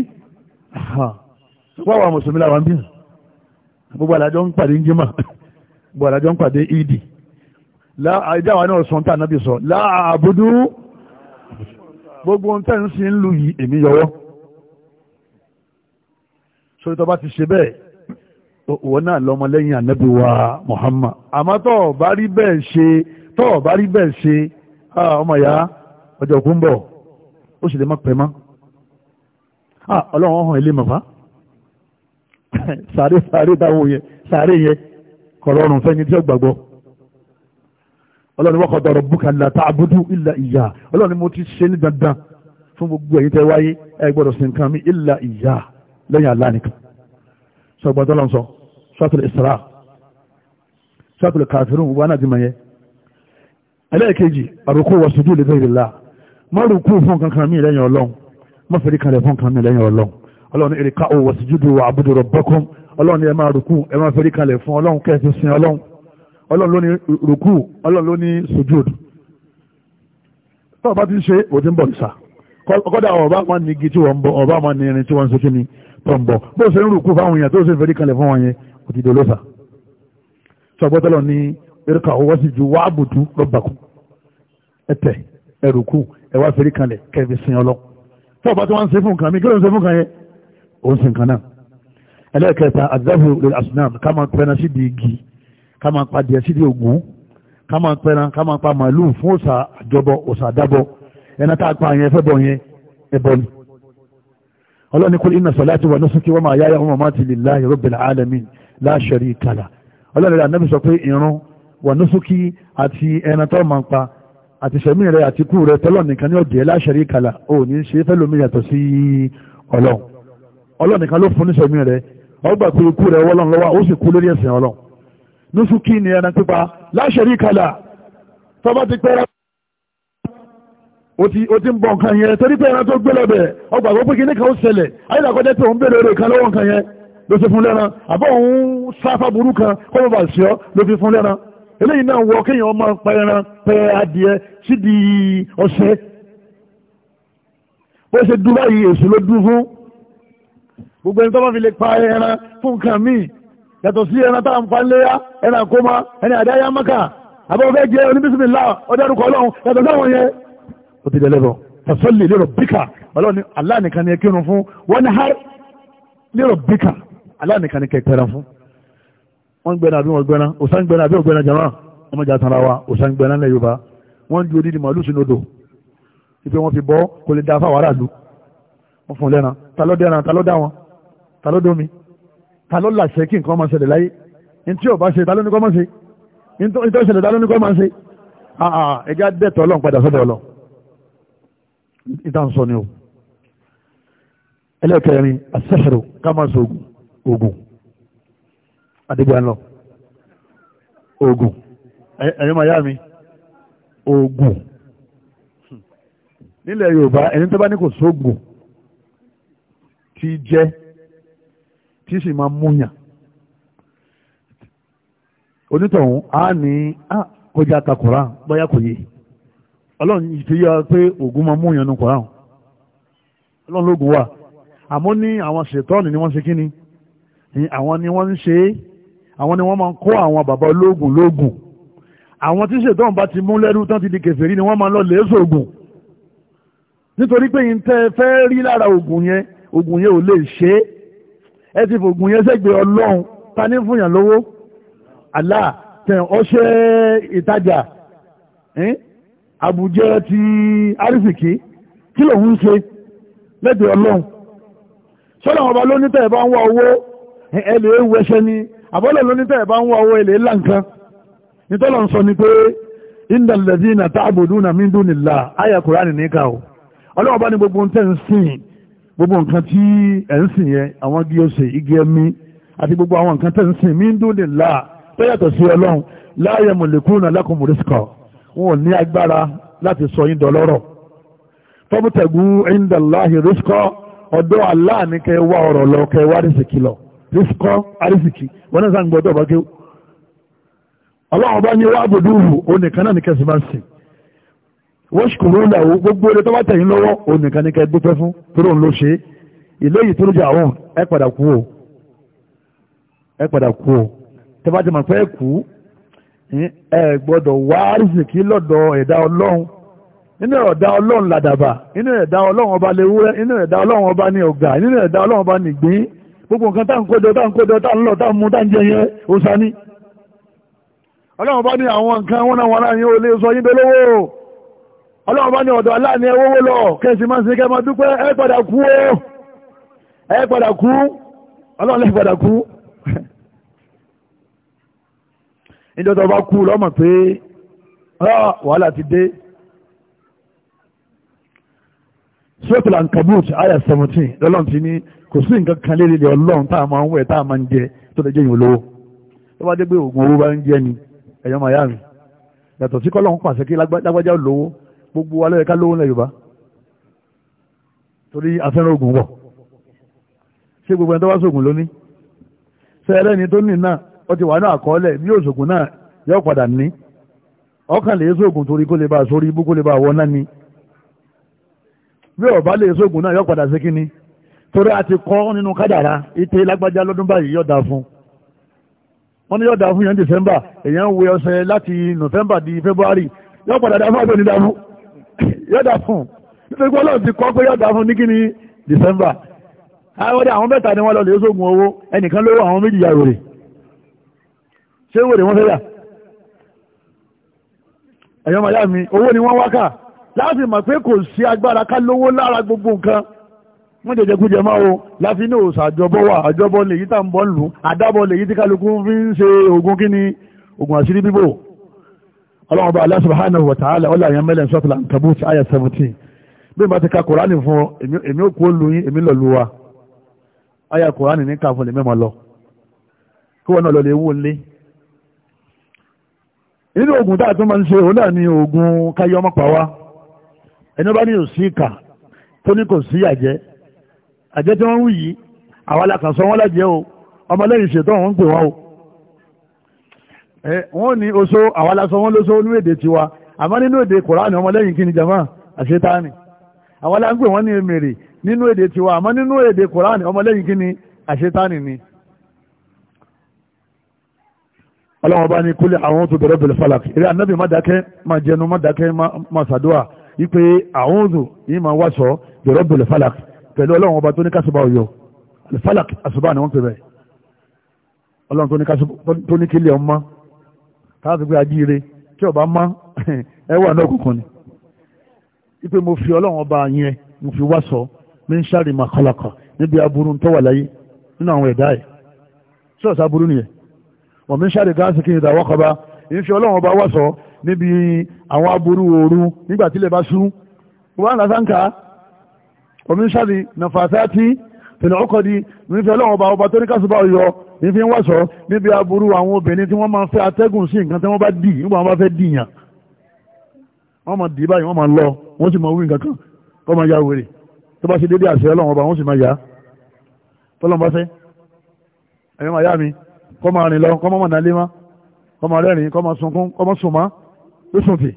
wọ́n wà mùsùlùmí là wà ń bíyàn gbogbo alájọ́ ń pàdé jimá gbogbo alájọ́ ń pàdé ìdì àìjáwà náà sọ tàà nábì sọ láàbùdú gbogbo tẹ́ ń sin lù yìí èmi yọwọ́ sórí tó bá ti ṣe bẹ́ẹ̀ òun náà lọ́mọ lẹ́yìn ànábì wa Muhammad àmọ́ tó o bá rí bẹ́ẹ̀ ṣe tó o bá rí bẹ́ẹ̀ ṣe ọmọ ìyá ọjọ́ òkú ń bọ̀ ó sì lè má pẹ́ mọ́ ọlọ́run ọ̀hún ilé màfá sàárè <laughs> sàárè dáwò yẹn sàárè yẹn kọ̀rọ̀rùn fẹ́ni tí ó gbàgbọ́ ọlọ́run wọ́kọ̀ dọ̀rọ̀ búkà látà àbúdú ìlà ìyá ọlọ́run mo ti ṣe ní dandan fún gbogbo ẹ̀yin tẹ́ wáyé ẹ gbọ́dọ̀ sí nǹkan mi ìlà ìyá lẹ́yìn àlá nìkan sọgbọ́n tọ́lọ́ sọ sọ́tùlù ìsra sọ́tùlù kàfírùn wọn náà ti mọ̀ yẹn ẹlẹ́ẹ̀kejì àrùkù wọ̀ sùdú lè má rùkù fún kankan mi lẹ́yìn ọlọ́run má fẹ́rí kan rẹ̀ fún kankan mi lẹ́yìn ọlọ́run ọlọ́run èrè ká òwò sí júdù àbúdò rọ̀bọ́kún ọlọ́run ni ẹ máa rùkú ẹ máa fẹ́rí kalẹ̀ fún ọlọ́run kẹ́ẹ̀sì sin ọlọ́run ọlọ́run ló ní rùkú ọlọ́run ló ní sujud tọ́ọ̀ bá ti ṣe òtí ń bọ̀ nìṣà kọ́dà ọba máa ní igi tí wọ́n ń bọ̀ ọba máa ní irin tí wọ́n ń sókè ní tó ń bọ̀ bó ṣe ń rùkú fáwọn èèyàn tó ṣe fẹ́rí kalẹ̀ fún wọn yẹn òtí òun sì nǹkan náà ẹlẹ́ẹ̀kẹta àdáhù lórí asunam ká máa pẹ́ran síbi igi ká máa pa díẹ̀ síbi ògún ká máa pẹ́ran ká máa pa màálù fún òsà àjọbọ òsà àdábọ ẹni tá a pa yẹn fẹ́bọ yẹn ẹbọ ni ọlọ́ni kúrò iná sọ̀láti wà lọ́sọ́kí wọ́n máa yáyá wọn máa ti lè láàyè rọ́bìn alẹ́mí láṣẹ̀rí ìkàlà ọlọ́ni rẹ̀ anábì sọ pé ìrun wà lọ́sọ́kí àti ẹran tó máa pa àti sẹ̀mí rẹ̀ àti kú rẹ̀ tọ́lọ̀ nìkan ní ọ̀dẹ̀ ọlọ́run nìkan ló fún níṣẹ̀mí rẹ̀ ọgbà pé ikú rẹ̀ wọ́lọ́n lọ́wọ́ ó sì kú lórí ẹ̀sìn ọlọ́run nusu kí ni ẹran pípa láṣẹ̀rí kalà tọ́ba ti pẹ́ra o ti ń bọ̀ nǹkan yẹn torí pé ẹran tó gbé lọ́bẹ̀ ọgbà pé kíní kan ó ṣẹlẹ̀ ayélujáfẹ́ tó ń bèrè rẹ̀ kan lọ́wọ́ nǹkan yẹn ló ti fún lẹ́ran àbọ̀ òun sáfà burú kan kó bàbà sí ọ ló fi fún lẹ́ran eléyìí náà wọ kéèyàn ọmọ pẹran pẹ adìẹ sídìí ọ̀sẹ̀ bó ṣe dúró yìí èso ló dún fún gbogbo ẹni tó bá fi lè pa ẹran fún nǹkan míì yàtọ̀ sí ẹran táwọn pa léyà ẹran àkómọ ẹni àdáyà mọ́kà àbẹ̀wò fẹ́ jẹ́ oníbísímìlá ọdẹ́rùkọ ọlọ́run yàtọ̀ sáwọn yẹn ó ti dẹ̀lẹ́bọ̀ fasalli lérò bíkà ọlọ́run Allah nìkan ni kírun fún wọ́n ní har lérò bíkà Allah nìkan ni kẹ̀kẹ́ra fún wọ́n gbẹ́nà àbí wọ́n gbẹ́nà òsán gbẹ́nà àbí ògbẹ́nà jama ọmọjà tara wa òsán gbẹ́nà lẹ́yọba wọ́n ju odidi màálù sínú odò ìpè wọ́n fi bọ́ kò lè da fáwọn aráàlú wọ́n fún lẹ́ran ta ló dẹ́ran ta ló dá wọn ta ló dómi ta ló làṣẹ kí nǹkan máa ṣẹlẹ̀ láyé ní tí ò bá ṣe ta ló ní kọ́ máa ṣe ní tó ṣẹlẹ̀ ta ló ní kọ́ máa ṣe ẹja dẹ́tọ̀ ọlọ́run padà sọ́dọ̀ ọlọ́run ìtàn sọ ni o ẹlẹ́kẹrin asẹ́hẹ̀rọ kámasọ ogun ogun adigunlọ ogun ẹ̀yin máa yá mi ogun nílẹ̀ yorùbá ẹni tó bá ní kò sóògùn tí jẹ́ tí sì máa múyàn onítọ̀hún á ní kọjá ta koran bóyá kò yé ọlọ́run ti yọ pé oògùn máa múyàn nu koran ọlọ́run lóògùn wà àmọ́ ní àwọn ṣètọ́ọ̀nì ni wọ́n ṣe kí ni àwọn ni wọ́n ń ṣe é àwọn ni wọ́n máa ń kó àwọn bàbá ológun lógun àwọn tí ṣètọ́ọ̀n bá ti mú lẹ́rú tán ti di kèfèrí ni wọ́n máa ń lọ lẹ́sọ̀ ogun nítorí pé yìí tẹ́ fẹ́ rí lára ogun yẹn ogun yẹn ò lè ṣe é ẹ ti fògùn yẹn sẹ́gbẹ̀ẹ́ ọlọ́run ta ní fún yàn lówó àlá tẹ̀ ọṣẹ́ ìtajà àbùjẹ ti arísìkí kí lòun ń ṣe lẹ́gbẹ̀ẹ́ ọlọ́run sọ́dọ̀ ọba ló ní tẹ̀ bá ń wá owó ẹ lè wẹṣẹ́ ni àbọ́lẹ̀ ló ní tẹ̀ bá ń wá owó ẹ lè là nǹkan nítorí ọ̀n sọ ni pé inda alladhina ta'buduna min dunillah àyà Kùránì nìkan o ọlọ́run bá ní gbogbo ń tẹ̀ ń sìn gbogbo nǹkan tí ẹ̀ ń sìn yẹn àwọn igi ọ̀sẹ̀ igi ẹ̀mí àti gbogbo àwọn nǹkan tẹ̀ ń sìn mí ń dún lè là tó yàtọ̀ sí ọlọ́run láàyè mọ̀lẹ́kùnrin alákùnrin rìsíkọ̀ wọn ò ní agbára láti sọ yín dọlọ́rọ̀ tọ́bùtẹ̀gù ẹ̀ńdàláhì rìsíkọ̀ ọ̀dọ́ aláàní kẹ́ wá ọ̀rọ̀ lọ kẹ́ wá rìsíkì lọ rìsíkọ̀ àrísìkì wọn náà sàn gbọ́dọ̀ bá gé ọlọ́run bá ní wàá bòdúrù onìkan náà ní kẹ́sì sìn wọ́n ṣùkúrú ìlàwó gbogbo eré tó bá tẹ̀yìn lọ́wọ́ onìkan ní kẹ́ dúpẹ́ fún tó lóun ló ṣe ilé yìí tó lójú àwọn ẹ padà kú o ẹ padà kú o tẹ́ bá ti mọ̀ pé ẹ kú ẹ gbọ́dọ̀ wá rìsìkì lọ́dọ̀ ẹ̀dá ọlọ́run nínú ẹ̀dá ọlọ́run làdàbà nínú ẹ̀dá ọlọ́run ọba léwúrẹ́ nínú ẹ̀dá ọlọ́run ọba ní ọ̀gà nínú ẹ̀dá ọlọ́run ọba nìgbín gbogbo nǹkan tá ń kójọ tá ń kójọ tá ń lọ tá ń mú tá ń jẹ yẹn ó sani ọlọ́run ọba ní àwọn nǹkan wọn náà wọn náà yẹn ó lè sọ yín dolówó ọlọ́run bá ní ọ̀dọ̀ aláàní ẹwọ́wó lọ kẹsì máa ń sin kẹmọ dúpẹ́ ẹ padà kú ó ẹ padà kú ọlọ́run lẹ́ padà kú <laughs> níjọ́tọ̀ bá kú lọ́mọ̀ pé ah, wàhálà ti dé sọ́tìlà nkàbùt àyà 17 lọ́lọ́run ti ní kò sí nǹkan kan lé lè ọlọ́run tá a máa ń wẹ̀ tá a máa ń jẹ tó lè jẹ́ ìwò lówó tó bá dé pé oògùn owó bá ń jẹ́ ni ẹ̀yọ́ màyà mi yàtọ̀ sí kọ́lọ́run pàṣẹ kí lágbájá lówó gbogbo wa lẹ́yìn ká lówó torí afẹ́ràn ogun wọ̀ gbogbo ẹni tó lóní ṣe ẹlẹ́ni tó náà ó ti wà ní àkọọ́lẹ̀ bí òṣògùn náà yóò padà ní ọkàn lè torí kó lè bá ọba lè náà padà sí kíni torí a ite lágbájá lọ́dún báyìí fún fún yẹn December èèyàn di February padà fún yọ̀dà fún nítorí pé ọlọ́run ti kọ́ pé yọ̀dà fún ní kíni December àwọn ah, àwọn mẹ́ta ni wọ́n lọ lè sógun owó ẹnìkan lówó àwọn méjì ya wèrè ṣé wèrè wọ́n fẹ́ yà ẹ̀yọ́ màyá mi owó ni wọ́n wákà láti mọ̀ pé kò sí agbára ká lówó lára gbogbo nǹkan wọ́n jẹjẹ kú jẹ máa o láfi ní òòsà àjọbọ́ wà àjọbọ́ lèyí tá ń bọ́ lù àdábọ̀ lèyí tí kálukú fi ń ṣe oògùn kíni oògùn àṣírí bíbò ọlọ́run bá Allah subhanahu wa ta'ala ọlá àyàn mẹ́lẹ̀ sọ́tìlá Ankabut àyà 17 bí mo ti ka kùránì fún èmi òkú olú yín èmi lọ lu wa àyà kùránì ní káfọ́ lè mẹ́mọ́ lọ kí wọ́n náà lọ lè wó lé nínú oògùn tá a tún máa ń ṣe òun náà ni oògùn káyọ́ ọmọpá wa ẹni bá ní òsì ìkà tó ní kò sí àjẹ́ àjẹ́ tí wọ́n ń wù yìí àwọn alákàsọ́ wọn lájẹ́ o ọmọlẹ́yìn Eh, wọ́n ní oso àwa la sọ wọ́n lóṣó nínú èdè tiwa àmọ́ nínú èdè kòránì ọmọlẹ́yìn kí ni jama àṣetáni àwa la ń pè wọ́n ní èmèrè nínú èdè tiwa àmọ́ nínú èdè kòránì ọmọlẹ́yìn kí ni àṣetáni ni. ọlọ́wọ́n bá ní kúlẹ̀ àwọn tó bẹ̀rẹ̀ bẹ̀rẹ̀ falak eré anábì má dákẹ́ má jẹnu má dákẹ́ má sàdúà ipe àwọn òzò yìí máa wáṣọ bẹ̀rẹ̀ bẹ̀rẹ̀ falak pẹ̀lú ọlọ́wọ́n ọba tó ní kásùbà ọ̀yọ́ falak àṣùbà ni wọ́n pè bẹ́ẹ̀ ọlọ́run tó ní kílẹ̀ ọmọ táàtì pé ajíire tí ọba má <laughs> ẹ wà náà kọ̀ọ̀kan ni ipe mo fi ọlọ́run ọba yẹn mo fi wá sọ mi ń ṣàrì mà kọlàkọ níbi aburú tó wà láyé nínú àwọn ẹ̀dá ẹ̀ ṣọ́ọ̀ṣì aburú nìyẹn wọ́n mi ń ṣàrì gáàsì kí n ìdàwọ́ kọba ń fi ọlọ́run ọba wá sọ níbi àwọn aburú ooru nígbà tí ilẹ̀ bá sún wọ́n á lásán ká wọ́n mi ń ṣàrì nàfàṣà tí tẹ̀lé ọkọ̀ di nífẹ̀ẹ́ lọ́wọ́ ọba ọba tó ní kásùbà ọyọ nífi ń wàṣọ níbi aburú àwọn obìnrin tí wọ́n máa ń fẹ́ atẹ́gùn sí nǹkan tí wọ́n bá dì nígbà wọn bá fẹ́ dìyàn wọ́n máa dì báyìí wọ́n máa lọ wọ́n sì máa wí nǹkan kan kọ́ máa ya wèrè tó bá ṣe dédé àṣẹ ọlọ́wọ́n ọba wọ́n sì máa yá tọ́lọ́n bá fẹ́ ẹ̀yọ́ màá yá mi kọ́ máa rìn lọ kọ́ máa mọ̀ nálé má kọ́ máa rẹ́rìn kọ́ máa sunkún kọ́ máa sùn má lóṣùn fèé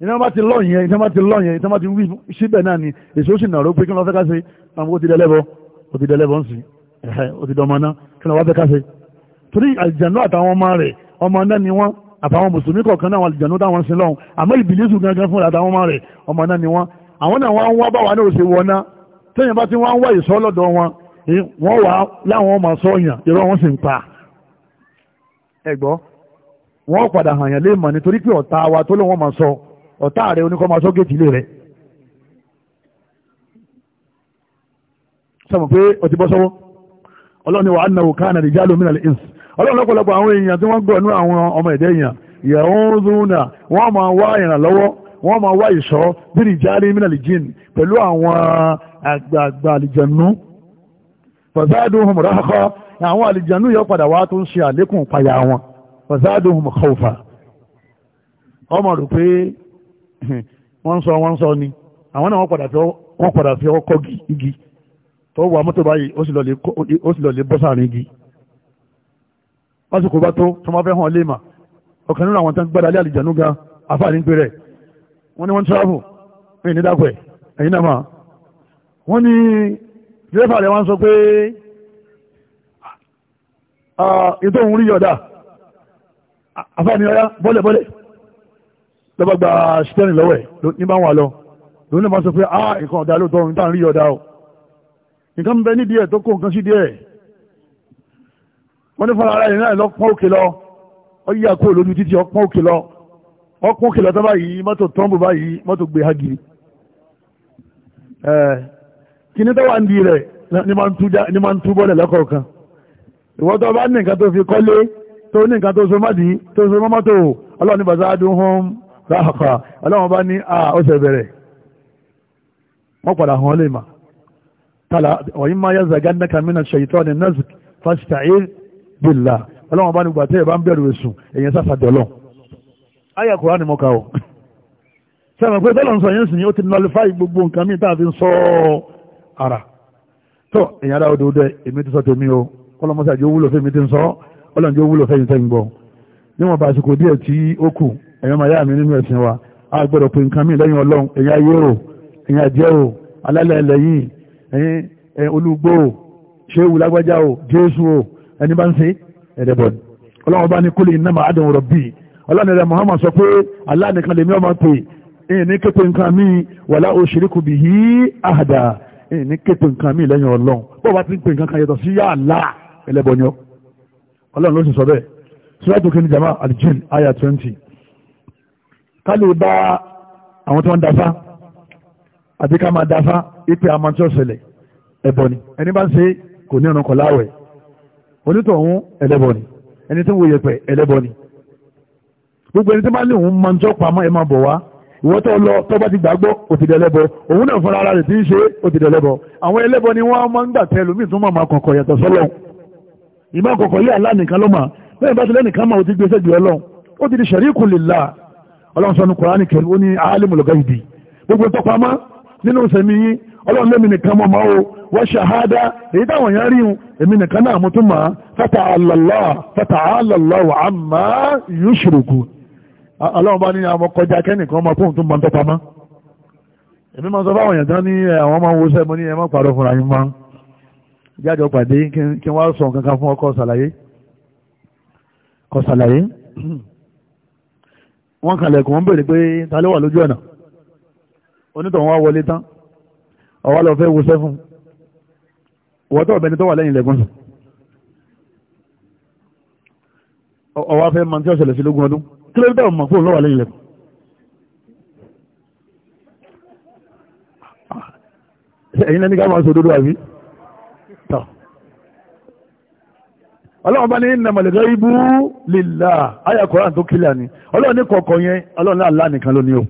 iná bá ti lọ́yìn yẹn iná bá ti lọ́yìn yẹn iná bá ti wí síbẹ̀ náà ni èso sì nàró pé kí wọ́n fẹ́ ká ṣe àwọn òtí dẹlẹ́bọ òtí dẹlẹ́bọ ń sìn ẹ̀hẹ́ òtí dọmọ náà kí wọ́n fẹ́ ká ṣe. torí àlìjànú àtàwọn ọmọ rẹ̀ ọmọ náà ni wọ́n àtàwọn mùsùlùmí kọ̀ọ̀kan náà àlìjànú táwọn sin lọ́hùn àmọ́ ìbílísù gangan fúnra àtàwọn ọmọ rẹ̀ ọmọ náà ni wọ́n àwọn náà wọ́n wá báwa náà ṣe wọ́n náà tẹ́yìn bá ti wọ́n wá ìsọ́ lọ́dọ̀ wọn wọ́n wà láwọn ọmọ sọ́yàn irọ́ wọn sì ń ọ̀tá rẹ̀ oníkọ́mọ sọ́gẹ̀tì ilé rẹ̀ sọmọ pé ó ti bọ́ sọ́wọ́ ọlọ́run ni wà á nà wò káànà rijalun minal ins ọlọ́run lọ́pọ̀lọpọ̀ àwọn èèyàn tí wọ́n gbọ́ ní àwọn ọmọ ẹ̀dẹ́ èèyàn ìyàwó ń dúnà wọ́n máa wá ìrànlọ́wọ́ wọ́n máa wá ìṣọ́ bí rijalun minal jinn pẹ̀lú àwọn àgbààgbà àlìjẹ̀nú fazaduhum rahaqa àwọn àlìjẹ̀nú yọ padà wá tó ń ṣe àlékún ìpayà wọn fazaduhum khawfa ọmọ rò pé <laughs> wọ́n ń sọ wọ́n sọ ni àwọn náà wọ́n padà fi ọkọ̀ igi tó wà mọ́tò báyìí ó sì lọ lè bọ́ sáàrin igi lásìkò bá tó tó máa fẹ́ hàn lè mà ọ̀kan nínú àwọn tán gbádà lé àlìjànú gan afáàní ń pè rẹ̀ wọ́n ní wọ́n travel ẹ̀yìn ní dákọ̀ ẹ̀ ẹ̀yìn náà máa wọ́n ní dírẹ́fà rẹ̀ wọ́n sọ pé ah, ètò òun rí yọ̀dà afáàní ọ̀yá bọ́lẹ̀ bọ́lẹ̀ lọ́ba gba ṣítẹ́rìn lọ́wọ́ ẹ̀ ní bá lọ lónìí bá sọ pé ah nǹkan ọ̀dà lóòótọ́ nǹkan rí ọ̀dà o nǹkan bẹ ní díẹ̀ tó kó nǹkan sí díẹ̀ wọ́n ní fara ara yẹn náà pọ́n òkè lọ ọ yíyá kó lójú títí ọ pọ́n òkè lọ ọ pọ́n òkè lọ tó báyìí mọ́tò tọ́ǹbù báyìí mọ́tò gbé ha giri ẹ̀ kíní tó ń di rẹ̀ ni máa ń tú bọ́lẹ̀ lọ́kọ̀ọ̀kan ìwọ́n tó bá ní nǹkan tó fi kọ́lé tó ní nǹkan tó so mọ́dì tó so mọ́mọ́tò ọlọ́ọ̀ni bàzá dùn hàn láàpá ọlọ́run bá ní à ọ̀sẹ̀ bẹ̀rẹ̀ wọ́n padà hàn lè mà tààlà ọ̀yìn máa yá zàgá nẹ́ka mìíràn ṣèyítọ́ ní nọ́ọ̀sì fásitì ayé bìlà ọlọ́run bá ní gbàtẹ́ ẹ̀ bá ń bẹ̀rù èsùn èyàn sáfà dọ̀lọ́ ayé àkùrá ni mo kà ó sẹ́wọ̀n pé tọ́lọ̀ ń sọ yẹn sìn ó ti nọlifá gbogbo nǹkan míì táà fi ń sọ ara tó èyàn ará odò dẹ èmi ti sọ tèmi o kọ́lọ́mọ́sá jẹ́ owúlò fẹ́mi ti ń sọ ọlọ́run jẹ́ owúlò fẹ́yìntẹ́yìn ẹ̀yọ́ máa yá mi nínú ẹ̀sìn wa a gbọ́dọ̀ pé nǹkan mí lẹ́yìn ọlọ́run ẹ̀yà ayé o ẹ̀yà jẹ́ o alálẹ̀ ẹlẹ́yìn ẹ̀yìn olúgbó o ṣéwù lágbájá o jésù o ẹni bá ń ṣe ẹ̀dẹ̀bọ̀ ni ọlọ́run bá ní kúlì iná máa dùn rọ̀ bíi ọlọ́run ẹ̀rẹ̀ Muhammad sọ pé aláàdìkan lèmi ọmọ pè ẹ̀yìn ní képe nǹkan mí wàlá òṣèlékù bì í àdà ẹ̀yìn ní képe nǹkan mí lẹ́yìn ọlọ́run bó bá ti ń pè nǹkan kan ni ọlọ́run ló sì sọ bẹ́ẹ̀ sọ́yàtò kí ni jama aljin aya twenty ká lè bá àwọn tí wọ́n ń dafá àti ká máa dafá ipe àmọ́ tí ó ṣẹlẹ̀ ẹbọ ni ẹni bá ń ṣe kò ní ọ̀nà kọ̀láwẹ̀ onítọ̀hún ẹlẹ́bọ ni ẹni tí ń wo yẹpẹ̀ ẹlẹ́bọ ni gbogbo ẹni tí bá ní òun máa ń tọ́ pamọ́ ẹ máa bọ̀ wá ìwọ́ tó lọ tó bá ti gbàgbọ́ ó ti òun náà fúnra ara rẹ̀ tí ń ṣe ó ti àwọn ẹlẹ́bọ ni wọ́n máa ń gbà tẹ lómi tún máa kọ̀kọ̀ yàtọ̀ sọ́lọ́ ìmọ̀ kọ̀kọ̀ yìí àlá nìkan bẹ́ẹ̀ bá ti lẹ́nìkan mà ó ti gbéṣẹ́ jù ọlọ́run ó ti di ṣẹ̀ríkù lillah ọlọ́run sọ ní kùránì kẹrì ó ní alimul gaibi gbogbo tọpamọ́ nínú ìsẹ̀mí yín ọlọ́run lẹ́mí nìkan mọ̀ máa o wọ́n ṣàhádá èyí táwọn èèyàn ríhun èmi nìkan náà mo tún máa fata Allah fata Allah wa amma yushriku ọlọ́run bá ní àwọn kọjá kẹ́nìkan máa fóun tún máa ń tọpamọ́ èmi máa sọ fáwọn èèyàn ní àwọn ọmọ wo sẹ́mu ní ẹ má pàrọ̀ fúnra yín máa jáde pàdé kí wọ́n sọ nǹkan kan fún ọkọ̀ ṣàlàyé wọ́n kànlẹ̀kùn wọ́n bèèrè pé ta ló wà lójú ọ̀nà onítọ̀ wọn wọlé tán ọwọ́ lọ fẹ́ wo sẹ́fún wọ́n tọ́ ọ̀bẹni tó wà lẹ́yìn ilẹ̀kùn sùn ọwọ́ fẹ́ máa tí ó ṣẹlẹ̀ sí lógún ọdún kí ló dé ọmọ fóun lọ́wọ́ lẹ́yìn ilẹ̀kùn ẹ̀yin lẹ́ni ká máa sọ òdodo àbí ọlọ́run bá ní nàmàlẹ̀gá ibú lílà ayà koran tó kílà ní ọlọ́run ní kọ̀ọ̀kọ̀ yẹn ọlọ́run náà lá nìkan ló ní o